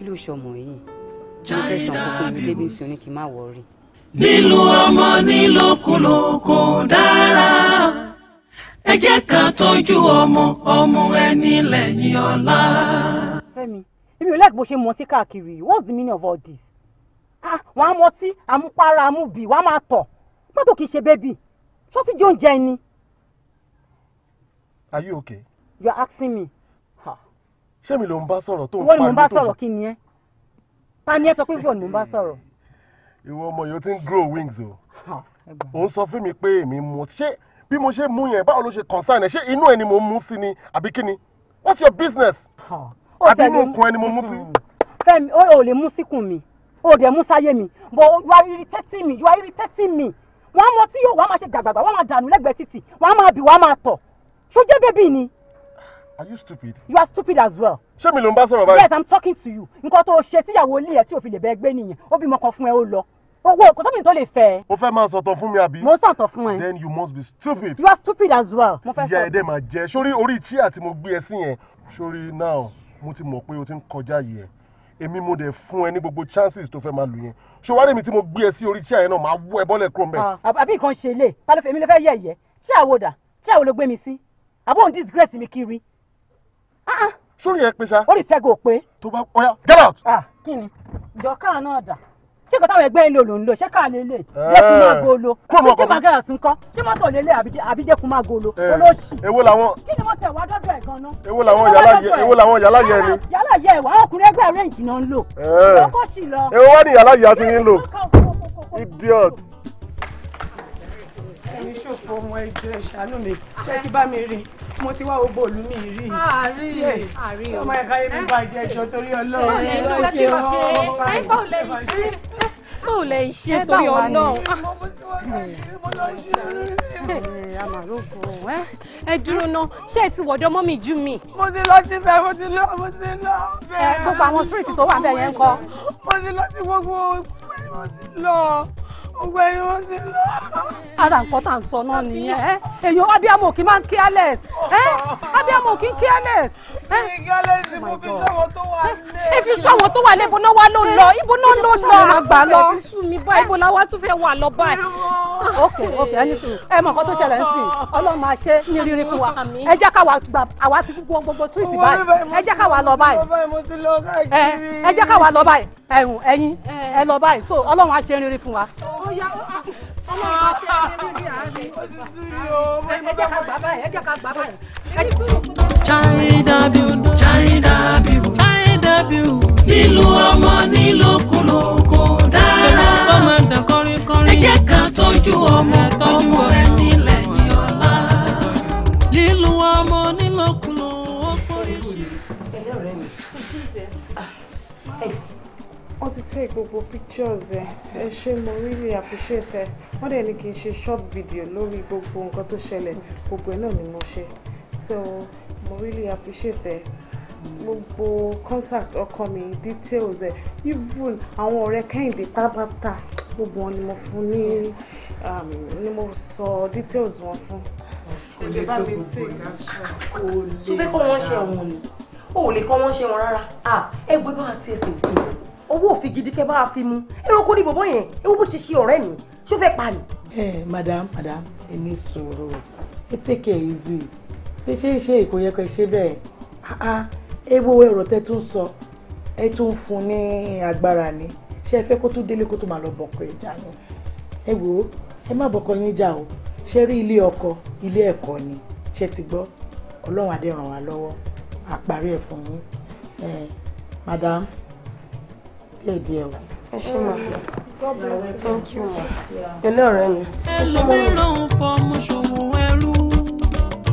[SPEAKER 4] kí ló ṣọmọ yìí mo fẹ́ sàn kókó mi débi sùn ní kí n má wọrí. nílùú ọmọ kò dára ẹ jẹ́ ká tọ́jú ọmọ ọmọ ẹni lẹ́yìn ọ̀la. fẹ́mi èmi ò lẹ́ẹ̀kí bó ṣe mọ sí káàkiri what's the meaning of all this? Ah, wọ́n á mọtí àmupara àmubì wọ́n á máa tọ̀ mọ́tò kì í ṣe bébì ṣọ́síjì oúnjẹ ni.
[SPEAKER 2] are you
[SPEAKER 3] okay?
[SPEAKER 4] you are asking me
[SPEAKER 2] ṣé mi ló ń bá sọ̀rọ̀ tó ń pariwo tó ń sọ. ìwọ ni mo bá sọ̀rọ̀
[SPEAKER 4] kí ni ẹ ta ni ẹ sọ pé ìwọ ni mo bá sọ̀rọ̀.
[SPEAKER 2] ìwọ ọmọ yìí ti ń grow wings o
[SPEAKER 4] ò
[SPEAKER 2] ń sọ fún mi pé èmi mú ṣé bí mo ṣe mú yẹn báwo ló ṣe concern ẹ ṣé inú ẹ ni mo mú sí ni àbí kí ni what's your business
[SPEAKER 3] àbí inú okùn
[SPEAKER 4] ẹ ni mo
[SPEAKER 2] mú sí. Fẹ́mi o ò
[SPEAKER 4] lè mú síkùn mi o ò dẹ̀ mú sáyé mi but you are irritating me you are irritating me wọ́n á mọ tí yóò wọ́n á máa ṣe gbàgbàgbà wọ́n á máa dànù lẹ́gbẹ̀ẹ́ títì wọ́n á máa bì wọ́n máa tọ̀ ṣó jẹ́ ni.
[SPEAKER 2] Are you stupid? You are stupid as well. Ṣé mi ló ń bá sọ̀rọ̀ báyìí? Yes, I'm talking to you. Nǹkan tó o ṣe tíyàwó ilé ẹ̀ tí o fi lè bẹ́ẹ̀ gbé nìyẹn. Ó bímọ kan fún ẹ ó lọ. Owó kò sóbìn tó lè fẹ́. O fẹ́ máa sọ̀tàn fún mi àbí? Mo sọ̀tàn fún ẹ. Then you must be stupid. You are stupid as well. Mo fẹ́ sọ. Ìyá ẹ̀dẹ̀ máa jẹ. Sórí orí chíà tí mo gbé ẹ sí yẹn. Sórí now, mo ti mọ̀ pé o ti ń kọjá yìí ẹ̀ èmi mo dẹ̀ fún ẹ ní gbogbo chances tó fẹ́ máa lù yẹn ṣé wàá rèmi tí mo gbé ẹ sí orí chair yẹn náà máa wọ ẹ bọ́lẹ̀ kúrò mbẹ́. Ah, àbí nǹkan ṣe lè ta ló fẹ́ èmi ló fẹ́ yẹ ẹ̀yẹ́ tí àwòdà tí gbé mi sí àbọ̀ disgrace mi kiri
[SPEAKER 4] sórí ẹ pé sa. ó rí sẹ́gun ò pé. tó bá ọya get out. Ah, kí ni ìjọ káà náà dà ṣé kò táwọn ẹgbẹ́ ìlò ló ń lò ṣé káà lè lè eh. lẹ́kùn máa golo kí tí màá gẹ̀rẹ̀ sùn kọ́ tí mọ́tò lè lè àbídẹ́kùn máa golo eh. olóṣì. èwo làwọn. kí ni mo tẹ̀ wá dọ́dọ̀ ẹ̀ gan-an. èwo làwọn yàrá yẹ èwo làwọn yàrá yẹ ni. yàrá yẹ ìwà ọkùnrin ẹgbẹ́ rẹ̀ ìjìnà ń lò. Eh. èwo wá ní yàrá yẹ àti yín lò.
[SPEAKER 5] idiot
[SPEAKER 2] ẹ̀yin ṣòfò ọmọ ẹjọ́ ìṣàánú mi ṣé ti bá mi rí mo ti wá gbogbo òlu mi rí i. àárí àárí o ọmọ ẹ̀ka yẹn bá jẹ ẹjọ́ torí ọlọ́run ẹ̀ ló ṣe
[SPEAKER 3] wọ́n
[SPEAKER 1] ẹ̀ bá ò lè ṣe
[SPEAKER 4] báwo lẹ ń ṣe torí ọlọ́run. ẹ dúró ná ṣé ẹ ti wọ̀dọ̀ mọ́ mi jú mi. mo ti lọ síbẹ̀ mo ti lọ mo ti lọ bẹ́ẹ̀. gbogbo
[SPEAKER 5] àwọn spirit tó wà bẹ́ẹ̀ yẹn ń
[SPEAKER 1] mo ti lọ sí gbogbo mo ti lọ ọgbà yìí wọ́n ti lọ.
[SPEAKER 5] ara nǹkan tá à ń sọ náà nìyẹn èèyàn abiyamọ kì í máa ń careless abiyamọ kì í careless. careless mo fi oh ṣọwọ́ tó wà lé. ẹ fi ṣọwọ́ tó wà lé ibo náà wà ló lọ ibo náà ló lọ àgbà lọ ibo náà wà tún fẹ́ wà lọ báyìí. ok ok ẹni sùn ẹ mọ nǹkan tó ṣẹlẹ̀ ń sìn oh. ọlọ́run máa ṣe ní rírí fún wa ẹ jẹ́ ká wà ti gbọ́ gbogbo street báyìí ẹ jẹ́ ká wà lọ báyìí ẹ jẹ́ ká wà lọ báyìí
[SPEAKER 4] ẹ̀yìn eh. ẹ lọ báyìí so ọlọ́run á ṣe rírí fún wa. Oh ọ̀yá ọmọ ìgbà ṣe é ní bíbí àárín. ẹ jẹ́ ká gbà báyìí ẹ jẹ́ ká gbà báyìí.
[SPEAKER 1] China build China build China build nílùú ọmọ nílòkulòkò dára ẹ jẹ́ ká tọ́jú ọmọ ọmọ ẹ nílẹ̀ ní ọ̀la nílùú
[SPEAKER 5] wọ́n ti take gbogbo pictures ẹ ẹ ṣé mo really appreciate ẹ wọ́n dẹ̀ ní kí n ṣe short video lórí gbogbo nǹkan tó ṣẹlẹ̀ gbogbo ẹ̀ náà ni mo ṣe so mo really appreciate ẹ gbogbo contact ọkọ mi details ẹ even àwọn ọ̀rẹ́ kẹ́hìndé pátápátá gbogbo wọn ni mo fún ní um, ni mo sọ details wọn fún.
[SPEAKER 3] kò lè tó gbogbo ẹ̀ kò lè. tó
[SPEAKER 5] fẹ́ kọ́ wọ́n ṣe wọn ni o ò lè kọ́ wọ́n ṣe wọn rárá ẹ gbé bá àti ẹsẹ̀ fún mi
[SPEAKER 2] owó òfin gidi kẹ bá fi mu ẹranko ní bọ̀bọ̀ yẹn ewu bó ṣe ṣe ọ̀rẹ́ mi ṣó fẹ́ pa ni. ẹ madam madam ẹ ní sùúrù ẹ tẹkẹ easy bí ṣe ń ṣe ìkóyẹkọ ṣe bẹ́ẹ̀ ah ewu ẹ̀rọ tẹ tún sọ ẹ tún fún ní agbára ni ṣé ẹ fẹ́ kó tún délé kó tún máa lọ bọkọ ìjà ni ẹ wò ó ẹ má bọkọ yín jà o ṣe rí ilé ọkọ ilé ẹ̀kọ́ ni ṣe ti gbọ́ Ọlọ́run adé ràn wá lọ́wọ́ àparí ẹ fún yín madam
[SPEAKER 5] díẹ̀ mm. díẹ̀ ẹlòmíràn
[SPEAKER 1] ń ṣòwò ẹrú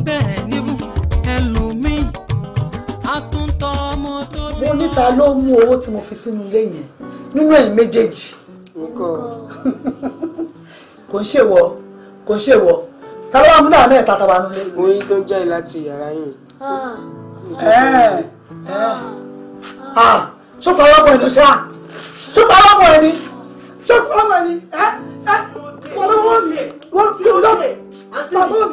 [SPEAKER 1] bẹ́ẹ̀ níbù ẹlòmíì àtúntọ́ ọmọ tó ní. mo níta
[SPEAKER 5] ló mú owó tí mo fi sínú ilé
[SPEAKER 1] yẹn
[SPEAKER 2] nínú ẹ̀yìn méjèèjì. kò ń ṣèwọ kò ń ṣèwọ ta ló wà mú náà mẹ́ta tàwa nílé. oyin tó ń jáde láti yàrá yìí. Ah. Ah. Ah. ṣé tọ́lọ́pọ̀ ìlú ṣáà ṣùgbọ́n ọmọ ẹ ni ṣùgbọ́n ọmọ ẹ ni ẹ ẹ wọ́n lọ́wọ́ mi wọ́n fi owó mi bàbá mi.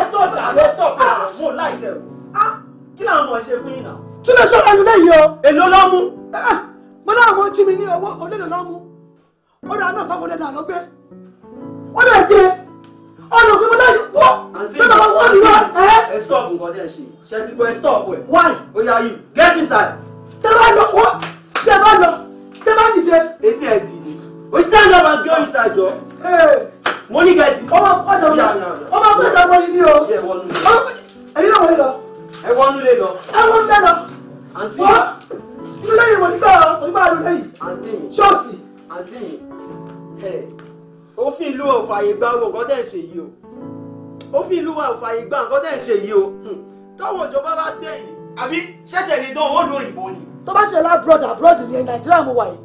[SPEAKER 2] ẹ sọ ọ̀dà rẹ sọ ọ̀pẹ̀rẹ̀ mú láì dẹ̀ o ah. kí làwọn ọmọ ṣe fún yín náà. tún lè sọ̀rọ̀ ẹnu lẹ́yìn o. èlò ló mú. Ah, ah. mo náà wọ́n jí mi ní owó onílò ló mú stop nǹkan tẹ́ ẹ ṣe stop ẹ̀. why? ó yá you? get inside. tẹ́lẹ̀ bá lọ wọ́n tẹ́lẹ̀ bá lọ ṣé bá dìde etí ẹ ti di we stand up and go inside jọ. mo ní gẹ̀ẹ́tì. ọmọ pàjọ mi ọmọ pàjọ mọ́ ibi o ẹ̀yin náà wọlé lọ. ẹ wọnú lé lọ. ẹ wọnú lé lọ. àǹtí mi. inú lẹ́yìn mo nígbà mo nígbà ló lẹ́yìn. àǹtí mi. ṣọ́ọ̀tì. àǹtí mi. òfin ìlú ò fààyè gba owó nǹkan tẹ̀ ń ṣe yìí o òfin ìlú wa ò fààyè gba nǹkan tẹ̀ ń ṣe yìí o tọ́wọ́ ìjọba bá tẹ̀ yìí. àbí ṣẹ̀ṣẹ̀ ni tó owó lu òyìnbó ni tó bá ṣe lábúrọ̀dì àbúrọ̀dì yẹn nàìjíríà mo wà yìí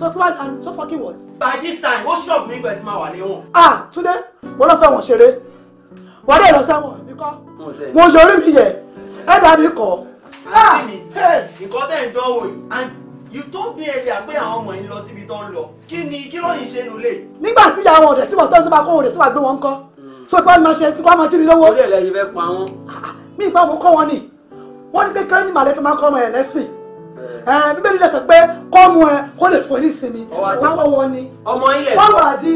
[SPEAKER 2] so kí wàá and so fucking what. by this time ó ṣọ́ọ̀bù mi gbẹ̀ tí máa wà ní wọn. ah túndé mo lọ fẹ́ wọn ṣeré wà á dẹ̀ lọ sẹ́wọ̀n
[SPEAKER 5] mi kọ́ mo
[SPEAKER 2] yọrí mi yẹ ẹ dà mí kọ́. láti mi ah! nǹkan tẹ̀ ń dánwò yìí and you told me earlier pé àwọn ọmọ yìí lọ síbi tó ń lọ kí ni kí lóyìn ṣe nù lè.
[SPEAKER 5] nígbà tí ìyá wọn ọ̀dẹ̀ tí wọ́n tọ́jú máa kó wọn ọ̀dẹ̀ tí
[SPEAKER 2] wọ́n gbé wọn kọ́ hmm. so kí wọ́n máa ṣe tí wọ́n máa jí mi lọ́wọ́. orí ẹ̀ lẹ́yìn fẹ́ pa wọn. Ah, ah, mi ìpamọ́ kọ́ wọn ni wọ́n ní kékeré ní màlẹ́ tí máa ń kọ́ bíbélì lè sọ pé kọ́ mu ẹ kó lè fún ẹ ní ìsinmi pápá wọn ni ọmọ ilẹ̀ kọ́ wà di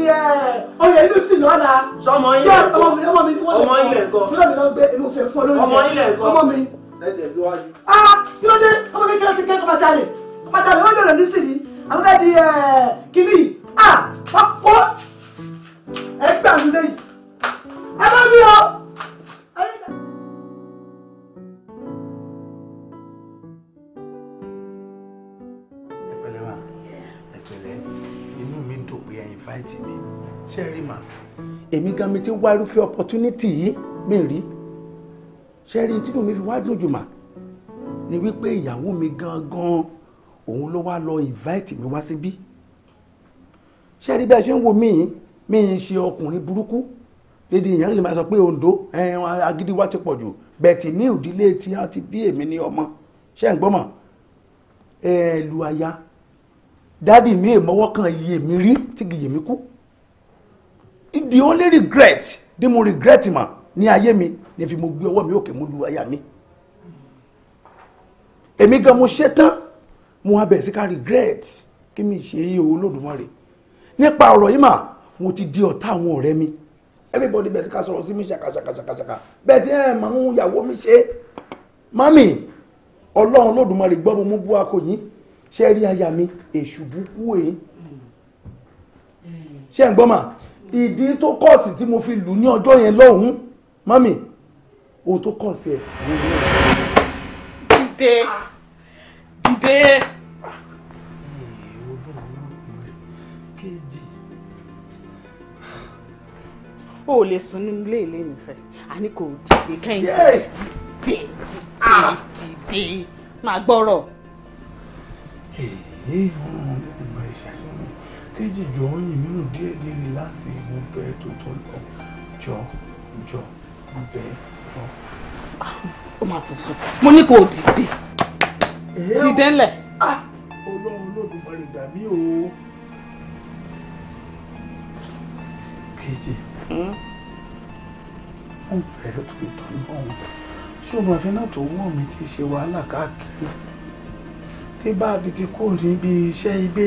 [SPEAKER 2] oyè inú sí lọ́la ọmọ ilẹ̀ kọ́ ọmọ mi ọmọ mi ọmọ ilẹ̀ kọ́ tí lómi náà gbé inú fẹ́ fún olóyè ọmọ ilẹ̀ kọ́ ọmọ mi. ah kí ló dé ọmọ kékeré sí kẹ́kọ̀ọ́ bàtà rẹ̀ bàtà rẹ̀ ní sí àwọn bẹ́ẹ̀ di kìnnì ah wọ́n kó ẹgbẹ́ àdúlẹ̀ ẹ bá mi o. right mi ṣe rí mà èmi gan mi ti wá irúfẹ́ opportunity yìí mi rí ṣe rí tínú mi fi wá dùn jù mà ni wípé ìyàwó mi gangan òun ló wá lọ invite mi wá síbí ṣe rí bí a ṣe ń wo mí yìí mi ń ṣe ọkùnrin burúkú lédi ìyàn lè máa sọ pé Ondo ẹ̀hún agídí wa ti pọ̀ jù bẹ̀tì ní ìdílé tí a ti bí èmi ní ọmọ ṣe ń gbọ́mọ̀ ẹ̀ẹ́lù aya dádì mi è e mọ́wọ́ kan iye mi rí tí gìyè mi kú the only regret ni mo regret mà ní ayé mi ni fi mo gbé ọwọ́ mi òkè mo lu aya mi èmi gan mo ṣe tán mo wá bẹ̀rẹ̀ sí ká regret kí mi ṣe iye owó lódùmarè nípa ọ̀rọ̀ yìí mà mo ti di ọ̀tá àwọn ọ̀rẹ́ mi everybody bẹ̀rẹ̀ sí ká sọ̀rọ̀ sí mi ṣàkàṣàkàṣàkà bẹ́ẹ̀ tí ẹ̀ máa ń yàwó mi ṣe mami ọlọ́run lódùmarè gbọ́ mo mú bú akọ yìí ṣe rí aya mi èṣù búkú èyí hmm. ṣe ń gbọ́mà ìdí tó kọ̀ọ̀sì tí mo fi lù ní ọjọ́ yẹn lọ́hùn mọ́mì ohun tó kọ̀ọ̀sì ẹ̀ dìde dìde.
[SPEAKER 5] o ò lè sùn nínú ilé ilé nìfẹ́ àní kò dìde kẹ́hìn dìde dìde máa gbọ́rọ̀
[SPEAKER 3] èyí ìwọ
[SPEAKER 2] ọmọ lẹ́nu máa ṣàánú mi kejì jọ ń yìn nínú díẹ̀ díẹ̀ láti ìwọ bẹ́ẹ̀ tó tó lọ jọ jọ bẹ́ẹ̀ jọ. Ah, ó máa tuntun
[SPEAKER 5] mo ní kó dìde
[SPEAKER 2] dìde ńlẹ̀. Ah, ọlọ́run lódùmarè gbà mí o. kejì ó hmm? bẹ̀rẹ̀ tó tọ́ náà ṣé o máa fi náà tó wọ́n mi ti ṣe wàhálà káàkiri pé báàbí ti kúrò níbi iṣẹ́ ibé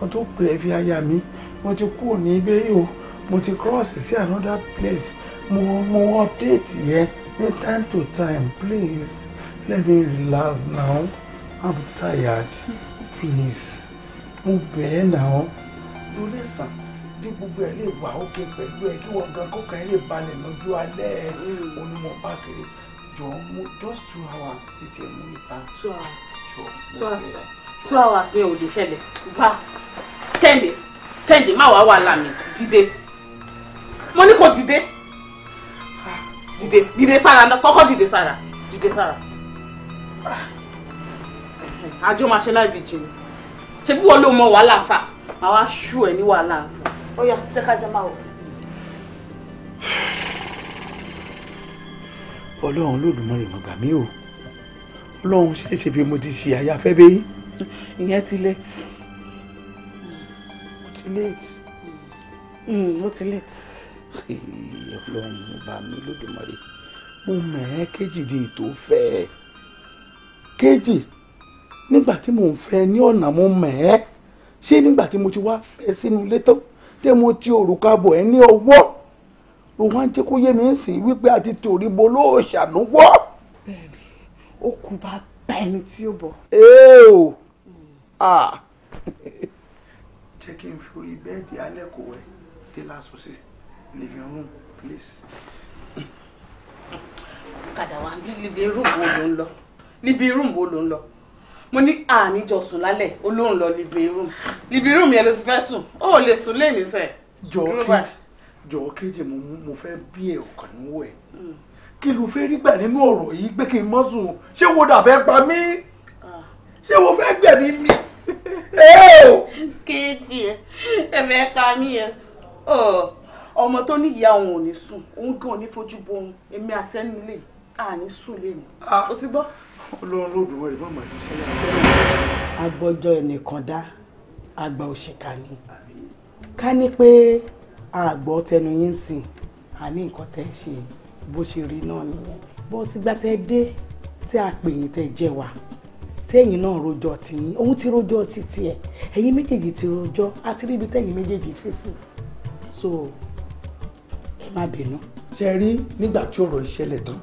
[SPEAKER 2] wọn tó pè é fi aya mi mo ti kúrò ní ibé yìí o mo ti cross sí another place mo mo update yẹn ní time to time please let me relax now i'm tired please mo bẹ̀ ẹ́ náà ló lẹ́sàn tí gbogbo ẹ lè wà òkè pẹ̀lú ẹ kí wọ́n gan kọ́kàn ẹ lè balẹ̀ lójú alẹ́ onímọ̀ mm. bá kiri mo just two hours ní tiẹ̀ mú mi pa. two hours two
[SPEAKER 4] hours yẹn ò lè ṣẹlẹ̀
[SPEAKER 2] gbà kẹ́ndé kẹ́ndé má wàá wà wa dìde mo ní kò dìde dìde dìde sára náà kọ́kọ́ dìde sára dìde sára àjọ máa ṣe láì bìjì ni ṣe bí
[SPEAKER 5] wọ́n ló mọ wàhálà fà fa. Ma wa ẹ̀ ní wàhálà àṣà. ó yá jẹ́ ká jẹ́ máa wọ̀.
[SPEAKER 2] ọlọ́run lòdùmarè mọ̀gbà mi o lọ́hùn ṣẹ̀ṣẹ̀ bí mo ti ṣe àyàfẹ́ bẹ́ẹ̀.
[SPEAKER 5] ìyẹn ti late.
[SPEAKER 3] mo ti late. Hmm, mo ti late.
[SPEAKER 2] ọlọ́run mo bá mi lódìmọ̀rẹ́ mo mẹ́ẹ́ kejì di ìtò fẹ́ ẹ kejì nígbà tí mò ń fẹ́ ní ọ̀nà mo mẹ́ẹ́ ṣé nígbà tí mo ti wá fẹ́ sínú ilé tán tí mo ti òrùka bọ̀ ẹ́ ní ọwọ́ òun á jẹ́ kó yé mi ń sìn wípé àti tòrí bo lóòṣà ló wọ́ ó kú bá bá ẹni tí ó bọ̀. ee o hmm. ah. jẹ́ kí n forí bẹ́ẹ̀dì alẹ́ kò wẹ̀ dé lásán sí living room please. kàdà wá bí níbi rúùmù wo ló ń lọ níbi rúùmù wo ló ń lọ mo ní àníjọ sùn lálẹ́ olóhùn lọ living room living room yẹn ló ti fẹ́ sùn ó lè sùn lẹ́yìn sẹ́ẹ̀. jọ̀ọ́ kejì jọ̀ọ́ kejì mo fẹ́ bí ẹ̀ ọ̀kan níwọ̀ ẹ̀. Hmm kí ló fẹ́ rí gbà nínú ọ̀rọ̀ yìí pé kí n mọ́ sùn ṣé wo dà fẹ́ pa mí ṣé wo fẹ́ gbẹ̀mí mi.
[SPEAKER 5] kéèjì ẹ ẹ fẹ́ pa mí ẹ ọmọ tó
[SPEAKER 2] ní ìyá òun ò ní sùn òun gan ò ní fojú bo òun èmi àti ẹni lè àní sùn lè mí ah. o ti gbọ́. ọlọ́run ló dùn wọ́n ìbọn màá ti ṣẹlẹ̀. agbọ́jọ́ ẹnìkan dá àgbà òṣìkà ni ká ní pé àgbọ̀ tẹnu yín sìn àní nǹkan tẹ́ ṣe bó ṣe rí náà nìyẹn bó ti gbà tẹ́ dé tí a pè yín tẹ́ jẹ́ wa tẹ́yìn náà rojọ́ ti yín òun ti rojọ́ ti tiẹ̀ ẹ̀yin méjèèjì ti rojọ́ àti ríbi tẹ́yìn méjèèjì fèsì so ẹ má bínú. ṣe rí nígbà tí ọ̀rọ̀ ìṣẹ̀lẹ̀ tán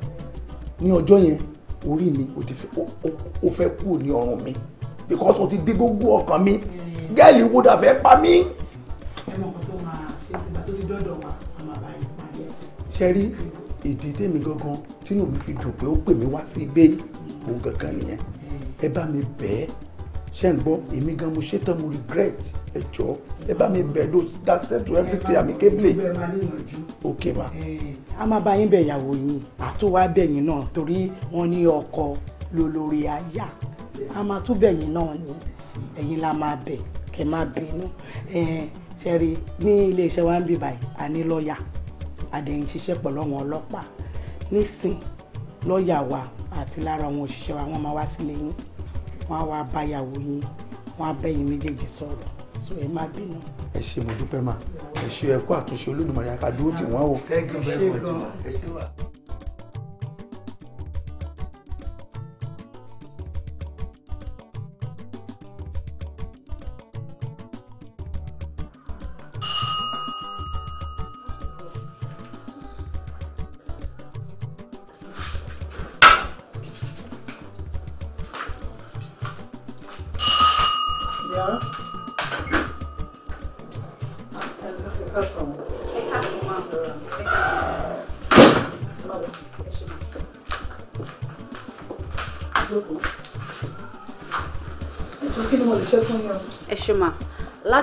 [SPEAKER 2] ní ọjọ́ yẹn orí mi ò fẹ́ kú ní ọrùn mi because o ti dé gbogbo ọkàn mi gẹ́ẹ̀lì wo dà fẹ́ pa mí. ẹ mọ̀ kó tó máa ṣe é sígbà tó ti dọ́dọ̀ wa a máa bá yín pàdé. ṣe rí ìdí tèmi gangan tínú mi fi dùn pé ó pè mí wá sí ibẹ̀ òun gangan nìyẹn ẹ bá mi bẹ́ẹ̀ ṣe ń gbọ́ èmi gan mo ṣetán mo regret ẹ jọ ẹ bá mi bẹ̀ ló that settle everything amicably ok ma. a máa bá yín bẹ̀ ìyàwó yín àtúwá bẹ̀yìn náà torí wọ́n ní ọkọ lólórí aya a máa tún bẹ̀yìn náà ni ẹ̀yin la máa bẹ̀ kẹ́ máa bínú ṣẹ́rí ní iléeṣẹ́ wa ń bì báyìí a ní lọ́ọ̀yà àdẹ̀yìn ṣiṣẹ́ pẹ̀lú àwọn ọlọ́pàá nísìn lọ́ọ̀yà wa àti lára àwọn òṣìṣẹ́ wa wọ́n máa wá sílé yín wọ́n á wá báyàwó yín wọ́n á bẹ́yìn méjèèjì sọ̀rọ̀ so ẹ má bínú. ẹ ṣé mo dúpẹ́ mà ẹ ṣé ẹ kú àtúnṣe Olódùmarè akadúró tí wọ́n wò. ẹ ṣé gan ẹ ṣé wà.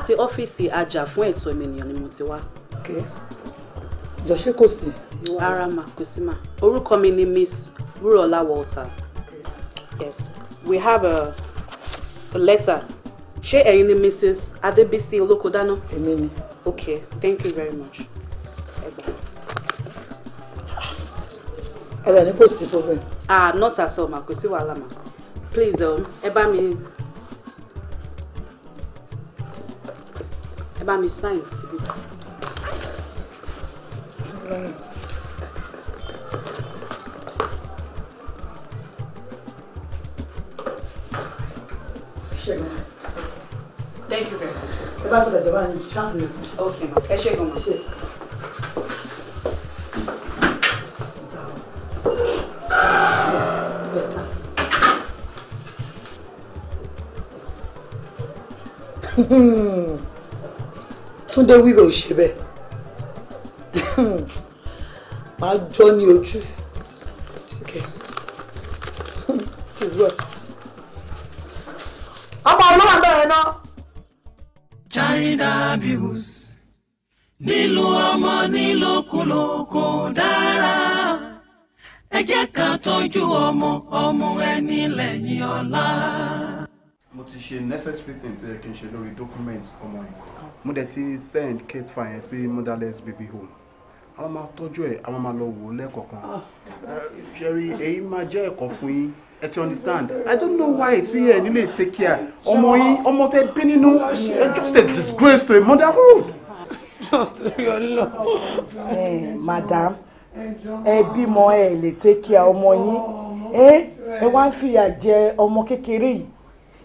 [SPEAKER 4] láti ọ́fíìsì ajá fún ẹ̀tọ́ ènìyàn ni mo ti wá. jọ̀ṣẹ́ kò sí. ara mà kò sí mà orúkọ mi ni miss Wúrọ̀lá Walter. yes we have a, a letter ṣé ẹ̀yin ni mrs Adébísí Olókòdáná. èmi ni. ok thank you very much. ẹ̀rọ ni kò sí problem. ah not at all ma kò sí wàhálà ma please um, ẹ bá mi. bá mi sáyìn síbi.
[SPEAKER 5] Thank you very much. Ẹ bá gbọ́dọ̀ jọba ní ṣáàpù náà. Ok ma, ẹ
[SPEAKER 2] Hmm. Túndé wíwẹ̀ ò ṣe bẹ́ẹ̀ máa jọ ní ojú
[SPEAKER 5] ọmọ ọlọ́wà bẹ̀rẹ̀ náà.
[SPEAKER 1] China bills nílùú ọmọ nílòkulò kò dára ẹ jẹ́ ká tọ́jú ọmọ ọmọ ẹni lẹ́yìn ọ̀la
[SPEAKER 2] ti ṣe necessary thing tó yẹ kí n ṣe lórí documents ọmọ yìí mo dẹ̀ ti send case file sí motherless baby home àwọn máa tọ́jú ẹ̀ àwọn máa lọ wò ó lẹ́ẹ̀kọ̀ọ̀kan ah, ṣẹ́rí èyí máa jẹ́ ẹ̀kọ́ fún yín ẹ ti understand i don't know why ti ẹ nílé take care ọmọ yín ọmọ tẹ bí nínú ẹ just a disgrace to a motherhood. ẹ madam ẹ bímọ ẹ lè take care ọmọ yín ẹ eh, ẹ wá ń fìyà jẹ ọmọ kékeré yìí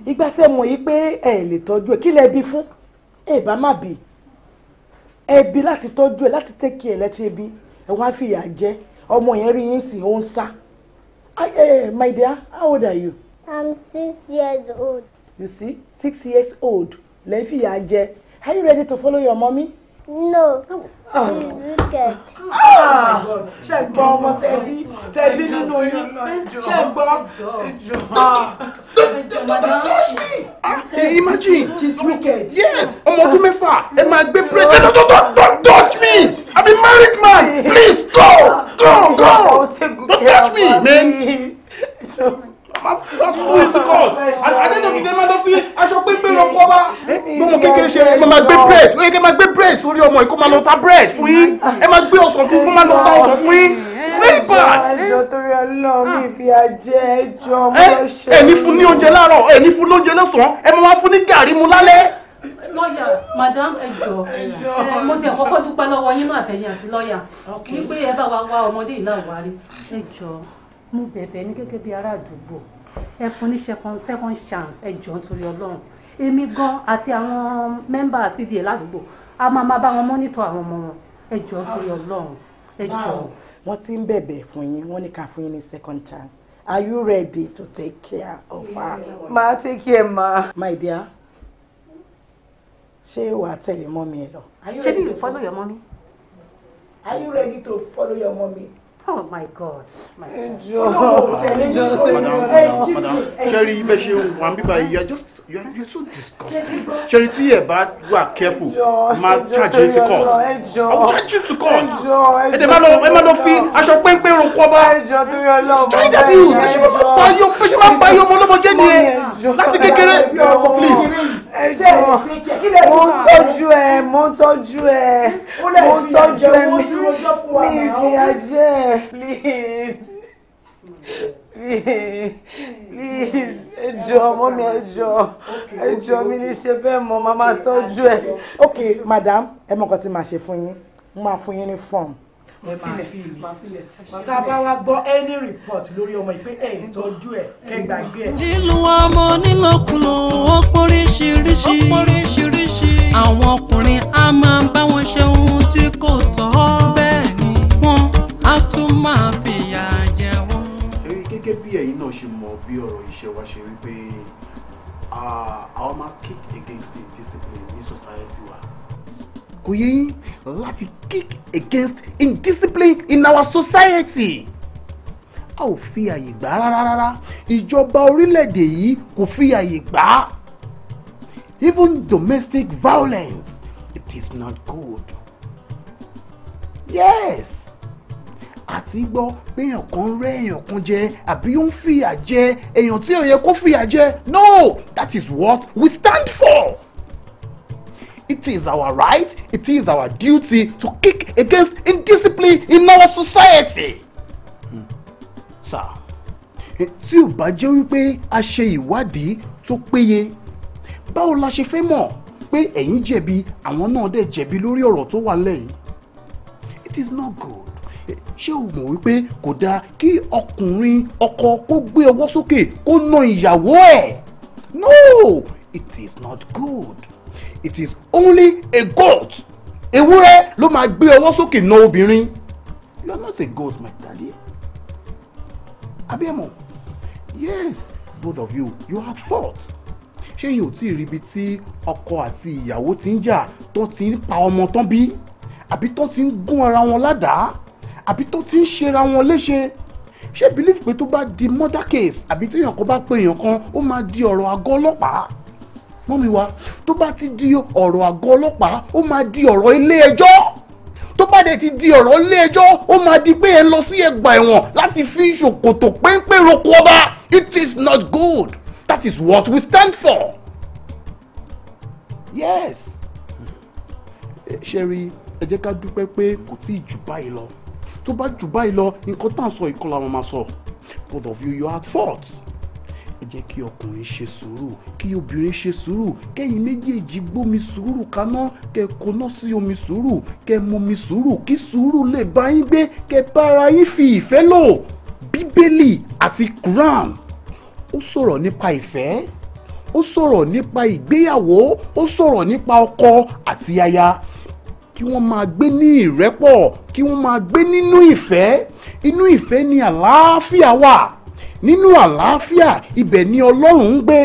[SPEAKER 2] ìgbà tẹ́ mọ̀ yìí pé ẹ lè tọ́jú ẹ kí lẹ bí fún ẹ bá má bí ẹ bí láti tọ́jú ẹ láti tẹ́kì ẹ lẹ́tí ẹbí ẹ wá fìyà jẹ ọmọ yẹn rí yín sìn ó ń sá. my dear how old are you.
[SPEAKER 5] i'm six years old.
[SPEAKER 2] you see six years old lẹ́yìn fìyà jẹ are you ready to follow your mommy.
[SPEAKER 5] No. Oh. Wicked.
[SPEAKER 2] Ah. Ṣé gbọ́ ọmọ tẹ̀bí tẹ̀bí nínú yín? Ṣé gbọ́? Ah. Imagine she's wicked. Yes, ọmọ ọdún mẹ́fà ẹ máa gbé bírèkì. Don't don't don't touch me! I'm a married man. Please go go go! Don't touch me, man máa fún ẹ bread ó yẹ kí ẹ bread sórí ọmọ yìí kó máa lọ ta bread fún yín ẹ máa gbé ọsàn fún kó máa lọ ta ọsàn fún yín very bad. ẹjọ torí Ọlọ́run mi fi ajẹ ẹjọ mọ ṣe. ẹni fún ní oúnjẹ láàárọ̀ ẹni fún lóúnjẹ lọ́sàn ẹ máa wá fún ní gàrí mu lálẹ́.
[SPEAKER 4] lọ́ọ̀yà madam ẹjọ mo ti ẹ̀kọ́kọ́ dúpẹ́ lọ́wọ́ yín máa tẹ̀yìn àti lọ́ọ̀yà wípé ẹ bá wa wá ọmọdé ìlà ìwárí ṣùjọ́
[SPEAKER 5] mo bẹ̀bẹ̀ ní gẹ́gẹ́ bí ará
[SPEAKER 4] àdúgbò ẹ fún ní second chance ẹ jọ̀ọ́ nítorí ọlọ́run èmi gan àti
[SPEAKER 3] àwọn
[SPEAKER 5] mẹ́mbà CDA ládùúgbò a máa máa bá wọn mọ́nítọ̀ àwọn ọmọ wọn ẹ jọ̀ọ́ nítorí ọlọ́run ẹ jọ̀ọ́. wọ́n ti ń bẹ̀bẹ̀ fún yín wọ́n ní ká fún yín ní second chance are you ready to take care of her. máa take care ma. my dear ṣé wàá tẹ̀lé mọ́mí ẹ lọ.
[SPEAKER 4] ṣé bí you
[SPEAKER 2] follow your mommy. are you ready to follow your mommy. Oh my God. My God. John, John, John, John, John, John, John, John, John, John, John, you are you are so disgusting ṣeré tí ẹ bá wà careful máa charge you to court I
[SPEAKER 1] will charge you to court ẹ tẹ bá lọ ẹ má lọ
[SPEAKER 3] fi
[SPEAKER 2] aṣọ pépé ro kọ́ bá straight up you ẹ ṣe máa pa
[SPEAKER 5] yọ ẹ ṣe máa pa yọ ọmọ ọlọ́mọ jẹ́ nìyẹn
[SPEAKER 2] láti kékeré you are for please. mo ń tọ́jú ẹ
[SPEAKER 5] mo ń tọ́jú ẹ mo ń tọ́jú ẹ mi ìfìyà jẹ please please
[SPEAKER 3] ẹjọ ọmọ mi enjoy, ẹjọ mi ní ṣe
[SPEAKER 2] bẹ́ẹ̀ mọ màmá tọ́jú ẹ. madam ẹ mọ̀ nǹkan tí màá ṣe fún yín mo máa fún yín ní form. tá a bá wá gbọ́ any report lórí ọmọ ìpé ẹ̀ ìtọ́jú ẹ̀ kẹgbàgbé ẹ̀. lílo ọmọ nílòkulò
[SPEAKER 1] ó póríṣiríṣi àwọn ọkùnrin á máa bá wọn ṣe ohun tí kò tọ́ bẹ́ẹ̀ ni wọ́n á tún ma
[SPEAKER 2] fìyà gẹ́gẹ́ bí ẹ̀yin náà ṣe mọ̀ bí ọ̀rọ̀ iṣẹ́ wa ṣe rí pé àwọn máa kick against indiscipline discipline ní society wa. kò yẹ yín láti kick against indiscipline in our society a ò fi àyè gbà rárá rárá ìjọba orílẹ̀-èdè yìí kò fi àyè gbà even domestic violence it is not good yes àti gbọ́ pé èèyàn kan rẹ́ èèyàn kan jẹ àbí ó ń fìyà jẹ èèyàn tí ò yẹ kó fìyà jẹ no that is what we stand for. It is our right, it is our duty to kick against indiscipline in our society. Sir, tí ò bá jẹ́ wípé a ṣe ìwádìí tó péye báwo la ṣe fẹ́ mọ̀ pé ẹ̀yin jẹ̀bi àwọn náà dẹ̀ jẹ̀bi lórí ọ̀rọ̀ tó wà lẹ́yìn. It is not good ṣé o mọ̀ wípé kò dáa kí ọkùnrin ọkọ kó gbé ọwọ́ sókè kó na ìyàwó ẹ̀ no it is not good it is only a goat ewúrẹ́ ló máa gbé ọwọ́ sókè na obìnrin you are not a goat my daddy abiyamọ yes both of you you have fought ṣé yìí ò tí ì ríbi tí ọkọ àti ìyàwó ti ń jà tó ti ń pa ọmọ tán bí àbí tó ti ń gún ara wọn ládàá àbí tó ti ń ṣera wọn léṣe ṣé believe pé tó bá di murder case àbí tí èèyàn kan bá pe èèyàn kan ó máa di ọ̀rọ̀ àgọ́ ọlọ́pàá mọ́mi wa tó bá ti di ọ̀rọ̀ àgọ́ ọlọ́pàá ó máa di ọ̀rọ̀ ilé ẹjọ́ tó bá dẹ̀ ti di ọ̀rọ̀ ilé ẹjọ́ ó máa di pé ẹ lọ sí ẹgbà ẹ̀wọ̀n láti fi ṣòkòtò péńpé roko ọba it is not good that is what we stand for yes ṣe rí ẹ jẹ́ ká dúpẹ́ pé kò tí ì jù báyìí lọ tó bá jù báyìí lọ nǹkan tá à ń sọ ìkọlà wọn máa sọ both of you you are at fault ẹ jẹ́ kí ọkùnrin ṣe sùúrù kí obìnrin ṣe sùúrù kẹ́yìn méjèèjì gbómi sùúrù kaná kẹ́ koná sí omi sùúrù kẹ́ momi sùúrù kí sùúrù lè bá yín gbé kẹ́ bára yín fi ìfẹ́ lò bíbélì àti quran ó sọ̀rọ̀ nípa ìfẹ́ ó sọ̀rọ̀ nípa ìgbéyàwó ó sọ̀rọ̀ nípa ọkọ àti aya kí wọ́n máa gbé ní ìrẹ́pọ̀ kí wọ́n máa gbé nínú ìfẹ́ inú ìfẹ́ ni àlàáfíà wà nínú àlàáfíà ibẹ̀ ni ọlọ́run ń gbé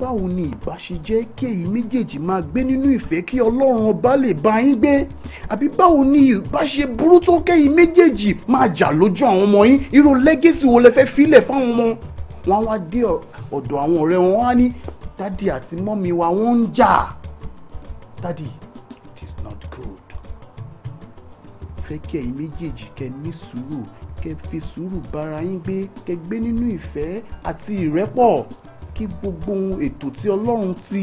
[SPEAKER 2] báwo ni ìbá ṣe jẹ́ kí èyí méjèèjì máa gbé nínú ìfẹ́ kí ọlọ́run ọba lè bá yín gbé àbí báwo ni ìbá ṣe burú tó kẹ́yìn méjèèjì máa jà lójú àwọn ọmọ yín irú lẹ́gẹ́sì wo lẹ fẹ́ filẹ̀ fáwọn ọmọ wọn wá dé ọ̀dọ̀ àwọn ọ̀rẹ́ wọn wá ní dádì àti mọ́mi wa wọ́n ń jà dádì fẹ́ kí ẹ̀yin méjèèjì kẹ́ ní sùúrù kẹ́ fi sùúrù bára yín gbé kẹ́ gbé nínú ìfẹ́ àti ìrẹ́pọ̀ kí gbogbo ètò tí ọlọ́run ti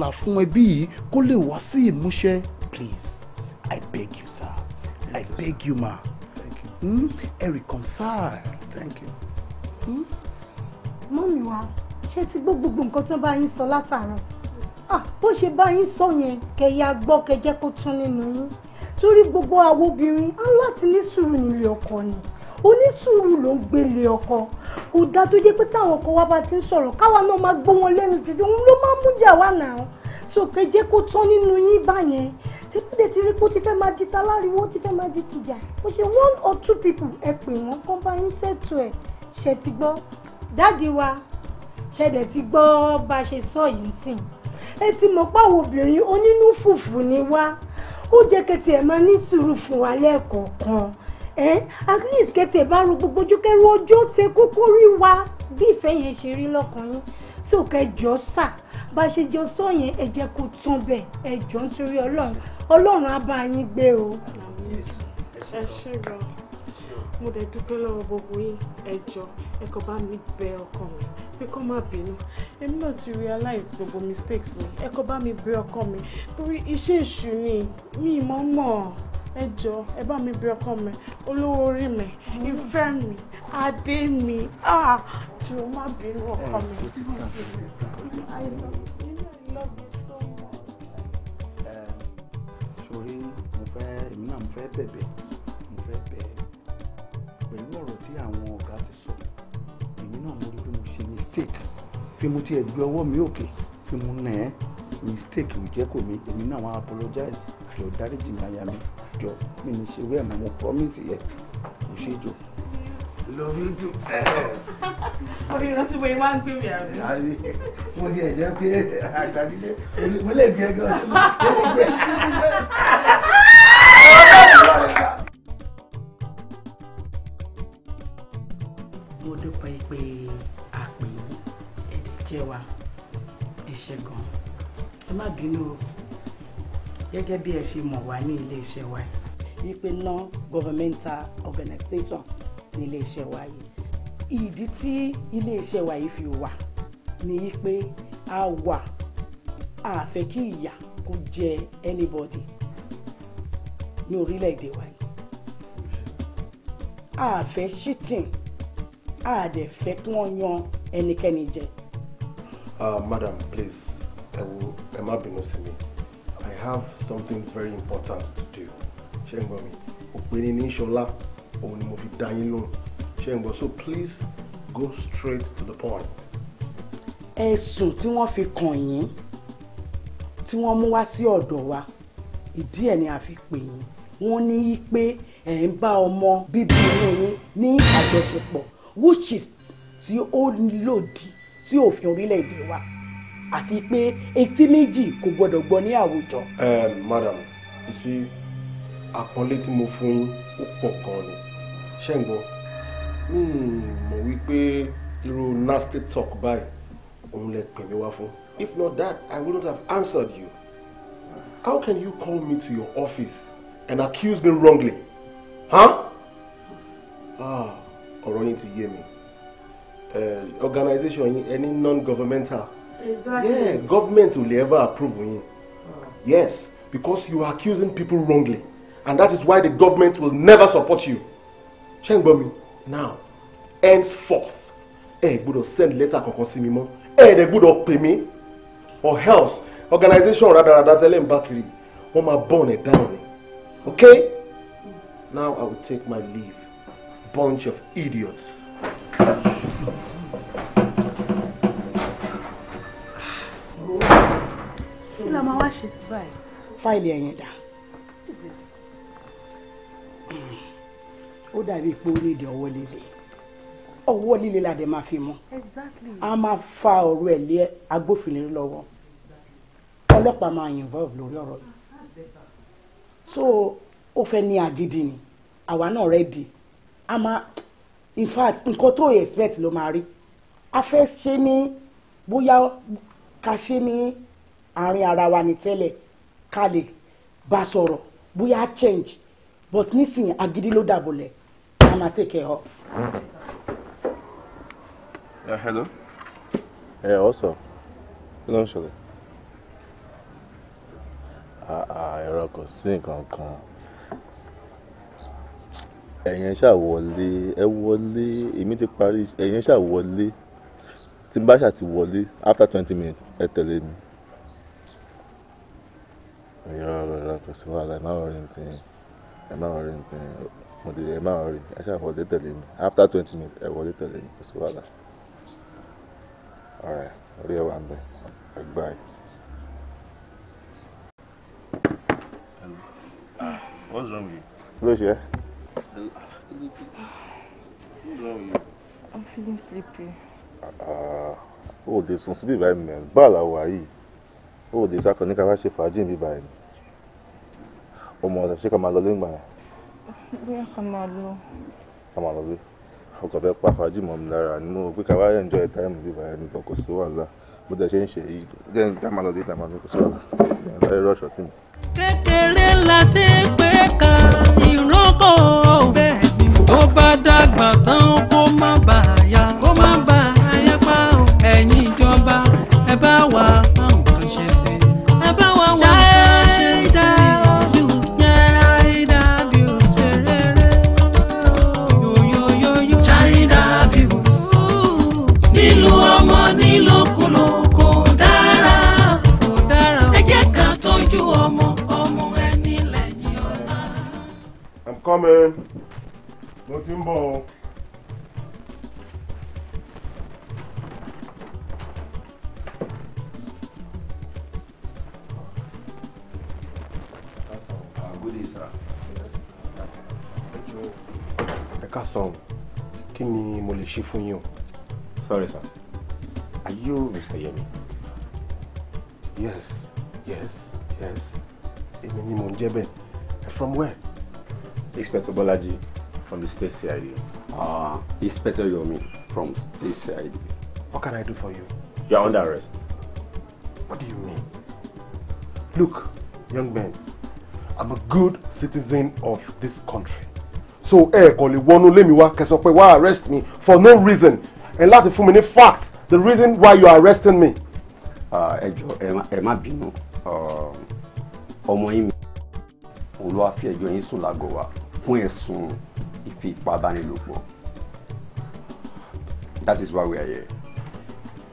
[SPEAKER 2] là fún ẹbí yìí kó lè wá sí ìmúṣẹ please i beg you sir i beg you ma mm? ẹ reconcile. thank you.
[SPEAKER 5] Hmm? Mm? mọ́mí wa ṣé ti gbọ́ gbogbo nǹkan tó bá yín sọ látàárọ̀ ah, bó ṣe bá yín sọ yẹn kẹ̀yà gbọ́ kẹjẹ́ kó tún nínú yín torí gbogbo àwọn obìnrin á láti ní sùúrù nílé ọkọ ni onísùúrù ló ń gbélé ọkọ kò dá tó jẹ́ pé táwọn ọkọ wa bá ti ń sọ̀rọ̀ káwa náà máa gbọ́ wọn lẹ́nu títí òun ló máa ń mú jà wá nà án sókè jẹ́ kó tán nínú yín báyẹn tí pédè ti rí pé ó ti fẹ́ máa di ta láriwo ó ti fẹ́ máa di tìjà mo ṣe one or two people ẹ pè wọ́n kán bá yín ṣètò ẹ̀ ṣe ti gbọ́ dáàdi wa ṣẹ̀dẹ̀ ti gbọ́ bá a ṣe sọ yìí sìn ẹ ti mọ̀ pé obìnrin onínú fùfù ni wá ó jẹ́ kẹtì ẹ̀ máa ní sùúrù fún wa lẹ́ẹ̀kọ̀ọ̀kan eh? at least kẹtì ẹ̀ bá ro gbogbo ojú kẹrù ojú kókó rí wa bí ìfẹ́ yẹn ṣe rí lọ́kàn yín so kẹjọ sà bá ṣe jọ sọ yẹn ẹ jẹ́ kó tán bẹ̀ ẹ jọ nítorí ọlọ́run ọlọ́run á bá yín gbé o.
[SPEAKER 2] ẹ ṣe rọ mo dẹ̀ dúpẹ́ lọ́wọ́ gbogbo yín ẹjọ́ ẹ bá mi bẹ ọkọ mi pé kó má bínú èmi náà ti realize gbogbo mistakes
[SPEAKER 5] mi ẹ bá mi bẹ ọkọ mi torí iṣẹ́ èṣù ni mi mọ́ mọ́ ẹjọ́ ẹ bá mi bẹ ọkọ mi olówó orí mi ìfẹ́ mi adé mi
[SPEAKER 2] ah tí o má bínú ọkọ mi.
[SPEAKER 3] I love you, so
[SPEAKER 2] much. sori mo fẹ́ èmi náà mo fẹ́ bẹ̀bẹ̀ pẹ̀lú ọ̀rọ̀ tí àwọn ọ̀gá ti sọ èmi náà mo rí pé mo ṣe mistake fi mo tiẹ̀ gbé ọwọ́ mi òkè fi mo nà ẹ́ mistake ò jẹ́ kò mí èmi náà wọ́n apologize jọ dáríjì mi àyà mi jọ mi ní ṣe wẹ́ẹ̀ mo promise yẹ kò ṣe jọ. lórí dùn
[SPEAKER 5] orí ìrántí wo ni wọ́n á ń gbé mi
[SPEAKER 2] àbí. mo ti ẹ̀ jẹ́ pé àgbàdìde mo lè gbé ẹgbẹ́ ọ̀ṣun mo
[SPEAKER 5] lè gbé ẹṣin. dúpẹ́ pé a pè é ẹ̀dẹ̀ jẹ́ wa ẹ ṣé gan ẹ má bínú o gẹ́gẹ́ bí ẹ ṣe mọ̀ wá ní ilé iṣẹ́ wa yìí wípé non governmental organization ní ilé iṣẹ́ wa yìí
[SPEAKER 2] ìdí tí ilé iṣẹ́ wa yìí fi wà ni wípé a wà a fẹ́ kí ìyà kó jẹ anybody ní orílẹ̀-èdè
[SPEAKER 3] wa yìí
[SPEAKER 5] a fẹ́ cheating a dẹ̀ fẹ́ kí wọ́n yan ẹnikẹ́ni jẹ.
[SPEAKER 2] Ah, madam please ẹ wo ẹ má bínú sí mi i have something very important to do ṣé ń gbọ́ mi òpinnu ní ṣọlá òun ni mo fi dá yín lóhùn ṣé ń gbọ́ so please go straight to the point. ẹ̀sùn tí wọ́n fi kàn yín tí wọ́n mú wá sí ọ̀dọ̀ wa ìdí ẹ̀ ni a fi pè yín wọ́n ní í pé ẹ̀ ń bá ọmọ bíbí inú yín ní àjọṣepọ̀ wishes tí ó lòdì sí òfin orílẹ̀-èdè wa àti pé etí méjì kò gbọdọ̀ gbọ́ ní àwùjọ. madam ìṣe àpọ́nlé tí mo fún yín ó pọ̀ gan ni ṣé ń gbọ́ mi hmm, mọ̀ wípé irú nasty talk báyìí òun lè pè mí wá fún if not that i not have answered you how can you call me to your office and accuse me wrongly huh? ah ọ̀rọ̀ yín ti yé mi organisation yín ẹni non-governmental yeah government will ever approve yín ah. yes because you are accusing people wrongly and that is why the government will never support you ṣé ń gbọ́ mi now henceforth ẹ gbọ́dọ̀ send letter kankan sí mi mọ́ ẹ dẹ̀ gbọ́dọ̀ pè mí or else organisation radarada tẹ́lẹ̀ ń bá kiri wọ́n máa burn ẹ̀ down ni okay hmm. now I will take my leave bunch of idiots.
[SPEAKER 5] kí la máa wá ṣe sí báyìí. fáìlì ẹ̀yìn dà.
[SPEAKER 2] ó dàbí pé ó nídìí ọwọ́ líle ọwọ́ líle la dẹ̀ máa fi mú a máa fa ọ̀rọ̀ ẹ̀ lé agbófinró lọ́wọ́ ọlọ́pàá máa involve lórí ọ̀rọ̀ yìí so ó fẹ́ ní agidi ni àwa náà ready a in fact nǹkan tó expect ló máa rí a fẹ́ ṣe ní bóyá ká ṣe ní àárín ara wa ní tẹ́lẹ̀ ká lè bá sọ̀rọ̀ bóyá change but nísìnyí agídí ló dàbọ̀lẹ̀ a máa take care uh, hello. ẹ ọ sọ kí ló ń ṣẹlẹ̀ ah, ah, ẹ̀rọ kò sí nǹkan kan ẹ̀yin ṣáà wọlé ẹ wọlé èmi ti parí ẹ̀yin ṣáà wọlé tí bá ṣáà ti wọlé after twenty minutes ẹ tẹ̀lé mi. ìrora ìrora kò sí wàhálà ẹ má wọrí ní tìyẹn ẹ má wọrí ní tìyẹn mo ti ẹ má wọrí ẹ ṣáà wọlé tẹ̀lé mi after twenty minutes ẹ wọlé tẹ̀lé mi kò sí wàhálà.
[SPEAKER 3] ọ̀rẹ́ orí ẹ wà ń
[SPEAKER 2] bẹ ẹ gbá ẹ. Ah, what's wrong with you? I'm feeling sleepy. Ah, ó dé sùn síbí báyìí mẹ́rin báà la wà yìí ó dé sákọ̀ ní ká wá ṣe fàájì níbí báyìí ni ọmọ ọ̀sẹ̀ ṣé ká máa lọ lé ńgbà yẹn.
[SPEAKER 1] bóyá ká máa lọ.
[SPEAKER 2] ká máa lọ lé ọkọ̀ fẹ́ pa fàájì mọ́ mi lára ni mo pé enjoy time níbí báyìí ni kò sí wàhálà bó dẹ̀ ṣe ń ṣe yìí jẹ́ ká máa lọ lé ká máa lọ kò sí wàhálà ẹ̀ lọ́ọ́ rọ̀ṣọ̀ tì mí.
[SPEAKER 1] kékeré la
[SPEAKER 2] Inspector Bolaji from the state CID. uh, Inspector Yomi from state CID. What can I do for you? You are under arrest. What do you mean? Look, young man, I'm a good citizen of this country. So eh, kàn wonu wọnú lé mi wá kẹsàn pé arrest me for no reason and láti fún mi ní fact the reason why you are arresting me. Ah, jọ̀ọ́ ẹ má bínú uh, ọmọ yín mi olúwa fi ẹjọ́ yín sùn fún ẹ̀sùn ìfipábánilòpọ̀ that is why we are here.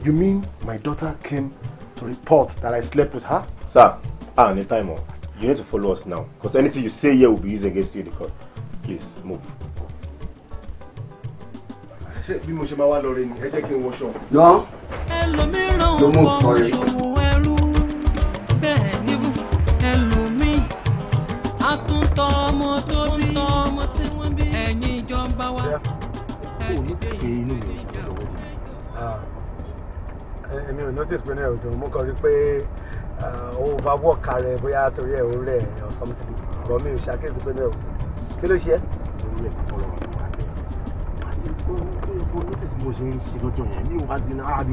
[SPEAKER 2] you mean my daughter came to report that I slept with her. sir ah ní time o you need to follow us now cause anything you say here will be used against you in court please move. ṣé bí mo ṣe máa wá lọ rẹ ni ẹ jẹ́ kí n wọṣọ. lọ lọ mú sọrí
[SPEAKER 1] wọ́n tún tọ́ ọmọ tó
[SPEAKER 2] bí ẹ̀yin ìjọba wa ẹ̀dídé ah, ò notice pé náà ọ̀dọ̀ mo kàn rí pé ó bá wọ̀ kárẹ̀ bóyá torí ẹ̀ ó rẹ̀ or something mi ò ṣàkíyèsí pé náà kí ló ṣe é. mo ṣe ń ṣe lọ́jọ́ yẹn mi ò bá ti ní ara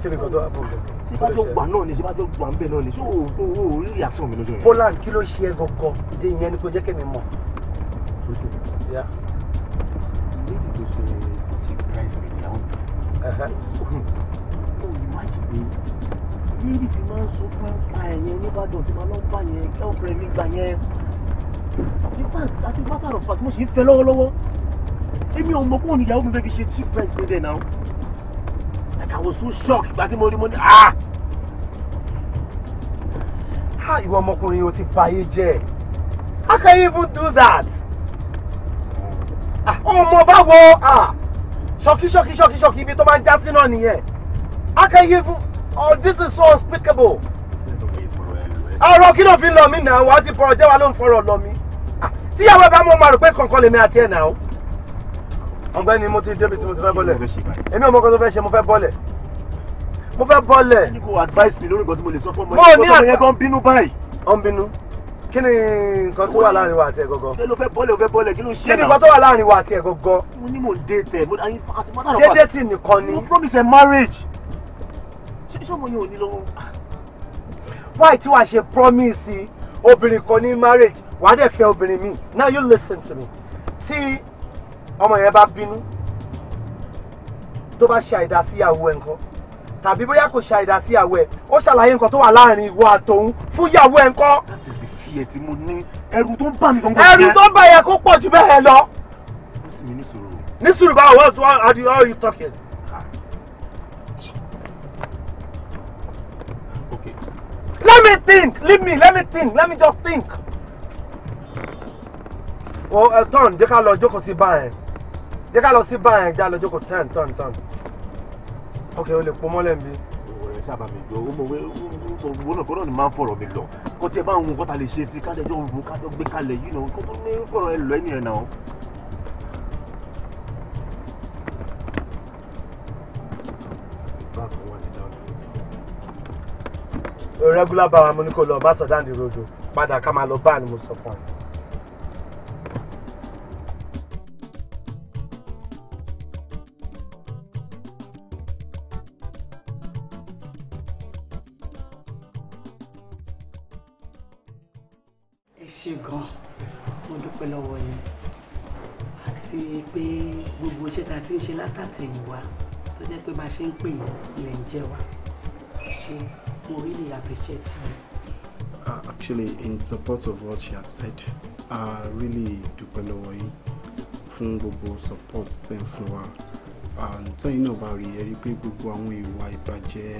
[SPEAKER 2] kí ni kò tó àpò ìgbà tí bá náà ni ṣe bá jọ wà náà ni ṣé o o rí reaction mi lójú yẹn. Poland kí ló ṣe é gangan ìdí ìyẹn ni kò jẹ́ kẹ́mi mọ̀. méjì tó ṣe surprise me ìyàwó mi. o ìmájì pé bíbí ti máa ń sún pápá ẹ̀yẹn nìbàdàn tí máa ń bá yẹn kẹ́ọ̀pẹ̀rẹ̀ mi gbà yẹn. nípa àti matter of fact mo ṣì ń fẹ́ lọ́wọ́lọ́wọ́ èmi ò mọ̀ pé òun ìyàwó mi fẹ́ fi ṣe surprise mi dẹ̀ náà. like I was so shocked ìgbà the money money ah ìwọ ọmọkùnrin o ti fàyè jẹ how can you even do that ah, ọmọ báwo ah, ṣọkí ṣọkí ṣọkí ṣọkí ibi tó máa ń já sí nìyẹn how can you even oh this is so unspeakable ọ̀rọ̀ kí ló fi lọ mí náà wàá ti bọ̀rọ̀ jẹ́ wa ló ń fọ̀rọ̀ lọ mí ah, tíyàwó ẹ bá mọ̀ máa rò pé kankan lèmi àti ẹ̀ náà ọ̀gbẹ́ni mo ti débi tí mo ti fẹ́ bọ́lẹ̀ èmi ò mọ̀ kan tó fẹ́ ṣe mo fẹ́ bọ́lẹ̀ mo fẹ́ bọ́lẹ̀. kí ni kò advice mi lórí nǹkan tí mo lè sọ fún ọmọ yẹn. mo ní àgbà kan bínú báyìí. ó ń bínú kí ni nǹkan tó wà láàrin wa àti ẹ̀ gọ́gọ́. kí ló fẹ́ bọ́lẹ̀ o fẹ́ bọ́lẹ̀ kí ló ń ṣe náà. kí ni nǹkan tó wà láàrin wa àti ẹ̀ gọ́gọ́. mo ní mò ń dé tẹ̀ mo àyìn àti mọ́tà náà. ṣé déètì nìkan ni. mo promise a marriage. ṣé ṣé ọmọ yẹn ò ní lọ́wọ́. why tí wàá ṣe promise obìnrin kan ní marriage wàá dẹ̀ fẹ́ obìnrin mi now you listen to me tí ọmọ yẹn bá bínú tó bá ṣe àìdásíyàwó ẹ̀ nǹkan tàbí bóyá kò ṣe àìdásí àwọ ẹ ó ṣàlàyé nǹkan tó wà láàrin ìwọ àtòun fún ìyàwó ẹ ńkọ́. that is the fear tí mo ní ẹrù tó ń bà mí gbọ̀ngàn. ẹrù tó ń bà yẹ kó pọ̀ jù bẹ́ẹ̀ lọ. ó sì mi ní sùúrù. ní sùúrù báwo what what are you talking. okay. let me think leave me let me think let me just think. wọ́n ẹ tán jẹ́ ká lọ jókòó sí báyẹn jẹ́ ká lọ sí báyẹn jẹ́ ká lọ jókòó turn turn turn ok o lè pọ mọ́lẹ̀ mi. ọ̀rẹ́ sábà mi jọ ó mọ̀ wé owó náà kọ́nà ni máa ń fọ̀rọ̀ mi lọ kó tiẹ̀ bá ń wo kọ́ta lè ṣe sí kájọ jọ òru kájọ gbé kalẹ̀ yìí náà kó tó ní fọ̀rọ̀ ẹ lọ ẹ náà. regular bar amúnikò lọ bá sọdá ní rodo padà ká máa lọ bá ni mo sọ fún ọ. tẹ̀yìn wá tó jẹ́ pé bá a ṣe ń pè yín ilẹ̀ ń jẹ́ wá ṣe mo really appreciate you. Uh, actually in support of what she has said I really dúpẹ́ lọ́wọ́ yín fún gbogbo support tẹ̀ ń fún wa tẹ́yìn náà bá rí ẹ̀rí pé gbogbo àwọn ìwà ìbàjẹ́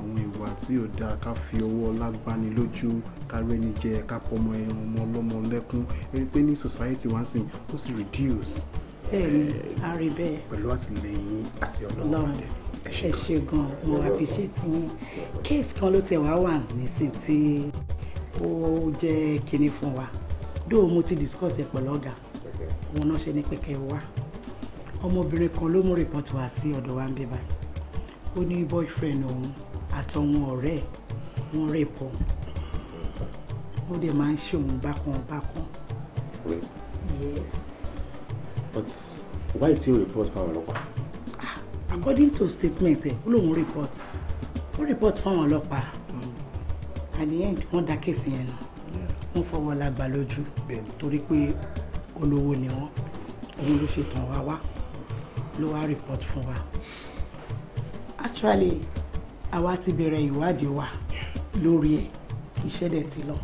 [SPEAKER 2] àwọn ìwà tí ò dáa ká fi ọwọ́ lágbani lójú kárí ẹni jẹ ká pọmọ ẹran ọmọ ọlọ́mọ lẹ́kún ẹ̀rí pé ní society wa ń sìn ó sì reduce
[SPEAKER 5] bẹ́ẹ̀ni a rí bẹ́ẹ̀. pẹ̀lú
[SPEAKER 2] àtìlẹ́yìn àti Ọlọ́run
[SPEAKER 5] ẹ ṣe gan mo àbíṣètì yín kéèsì kan ló tẹ̀ wá wà nísìn tí ó jẹ́ kinní fún wa
[SPEAKER 2] dóò mo ti discuss ẹ̀ pẹ̀lú ọ̀gá òun náà ṣe ní pẹ̀kẹ́ wá ọmọbìnrin kan ló mú rìpọ́tù wá sí ọ̀dọ̀ wa ń bí báyìí ó ní boyfriend òun àtọwọn ọ̀rẹ́ wọn rèpọ̀ ó dẹ̀ máa ń ṣe òun bákan bákan. yes but why tí you report fáwọn ọlọ́pàá. Ah, according to statement ẹ eh, ó report ó report fáwọn ọlọ́pàá
[SPEAKER 3] hmm.
[SPEAKER 2] at the end wọ́n dá kéèsì yẹn nù wọ́n fọwọ́ lágbà lójú torí pé olówó ni wọ́n òun ló ṣe tàn wá wá report fún wa actually àwa ti bẹ̀rẹ̀ ìwádìí wa lórí ẹ̀ iṣẹ́ dẹ̀ ti lọ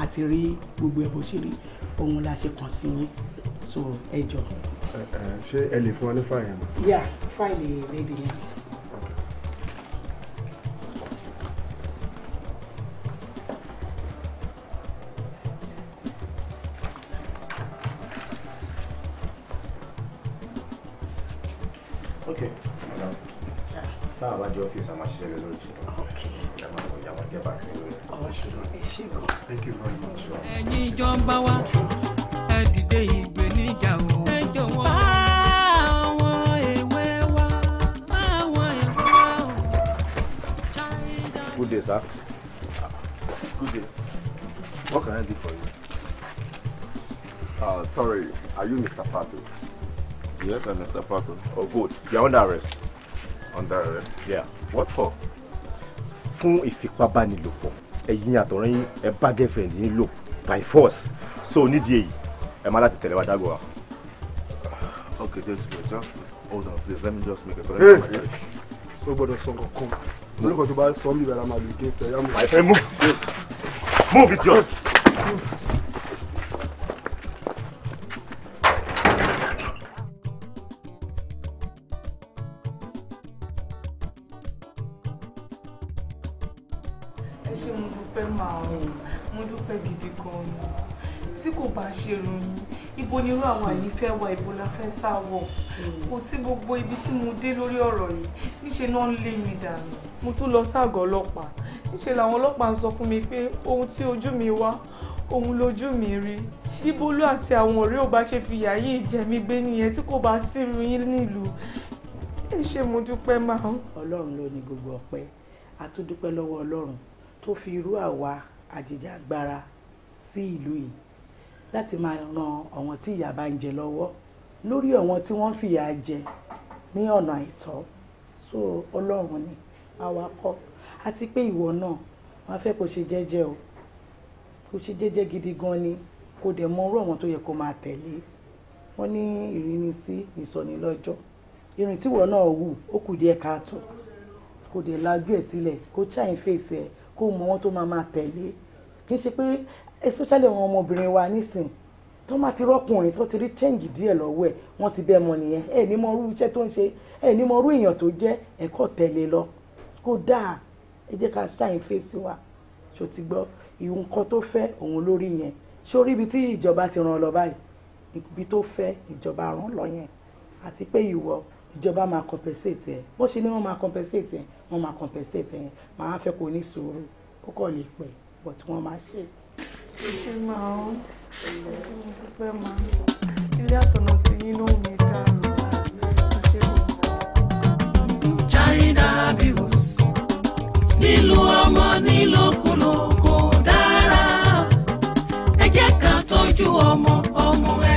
[SPEAKER 2] àti rí gbogbo ẹ̀ bó ṣe rí ohun la ṣe kàn sí yín so ẹ jọ̀ọ́ ṣé ẹ lè fún wa ní fáìlì yẹn. fáìlì bébì yẹn. Yes, I'm Mr. Parker. Oh, good. You're under arrest. Under arrest? Yeah. What for? Fún ìfipábánilòpọ̀, ẹ̀yin àtọ̀rẹ́ yín ẹ bá girlfriend yín lò by force. So nídìí èyí, ẹ máa láti tẹ̀lé wa dágò wa. Okay, gentlemen, just hold on please. Let me just make a correction. Hey! O gbọ́dọ̀ sọ nǹkan kan. Olùkọ́ tó bá sọ mí bẹ̀rẹ̀ máa lè gé My friend, move! Move it, John!
[SPEAKER 1] ṣèròyìn ibo ni irú àwọn àyè fẹ́ wà ibo la fẹ́ sá wọ̀ hmm. kò sí gbogbo ibi tí mo dé lórí ọ̀rọ̀ yìí níṣẹ́ náà ń lé mi dànù mo tún lọ ságọ̀ ọlọ́pàá níṣẹ́ làwọn ọlọ́pàá ń sọ fún mi pé ohun tí ojú mi wá òun lójú mi rí
[SPEAKER 2] bíbólú àti àwọn ọ̀rẹ́ ò bá ṣe fìyà yìí jẹ mí gbé nìyẹn tí kò bá sírú yín nílùú ẹ ṣe mo dúpẹ́ máa. ọlọ́run ló ní gbogbo ọpẹ́ a tún dúpẹ́ lọ́wọ́ ọlọ́run tó fi irú àwa àjèjì agbára sí ìlú yìí láti máa ran àwọn tí ìyà bá ń jẹ lọ́wọ́ lórí àwọn tí wọ́n fìyà jẹ ní ọ̀nà àìtọ́ so ọlọ́run ni awakọ̀ àti pé ìwọ náà wàá fẹ́ kó ṣe jẹ́jẹ́ o kó ṣe jẹ́jẹ́ gidi gan ni kó dẹ̀ mọ orú àwọn tó yẹ kó máa tẹ̀lé wọ́n ní ìrínisí ìsọnilọ́jọ́ irin tíwọ náà wù ó kù díẹ̀ káàtó kó dẹ̀ lajú ẹ̀ sílẹ̀ kó chain face ẹ̀ kó mọ wọn tó máa máa tẹ̀lé kì í ṣe pé especially àwọn ọmọbìnrin wa nísìn tó máa ti rọ́kùnrin tó ti rí change díẹ̀ lọ́wọ́ ẹ̀ wọ́n ti bẹ́ẹ̀ mọ nìyẹn ẹ̀ ní mọ irú iṣẹ́ tó ń ṣe ẹ̀ ní mọ irú èèyàn tó jẹ́ ẹ̀kọ́ tẹ̀lé lọ kó dáa ẹ jẹ́ ká ṣàyìn fèsì wa ṣò ti gbọ́ nǹkan tó fẹ́ òun lórí yẹn sórí ibi tí ìjọba ti ràn lọ báyìí ibi tó fẹ́ ìjọba ràn lọ yẹn àti pé ìwọ ìjọba máa compensate ẹ bó ṣe ni wọ́n máa compensate ẹ wọ́n máa compensate ẹ máa fẹ́ kó ní sùúrù ó kọ̀ lè pẹ́ but wọ́n máa ṣe é
[SPEAKER 1] ṣe máa
[SPEAKER 2] ń dúpẹ́ máa ń ilé
[SPEAKER 1] China views nílùú ọmọ nílòkulò kò dára ẹ jẹ́ ká tọ́jú ọmọ ọmọ ẹ.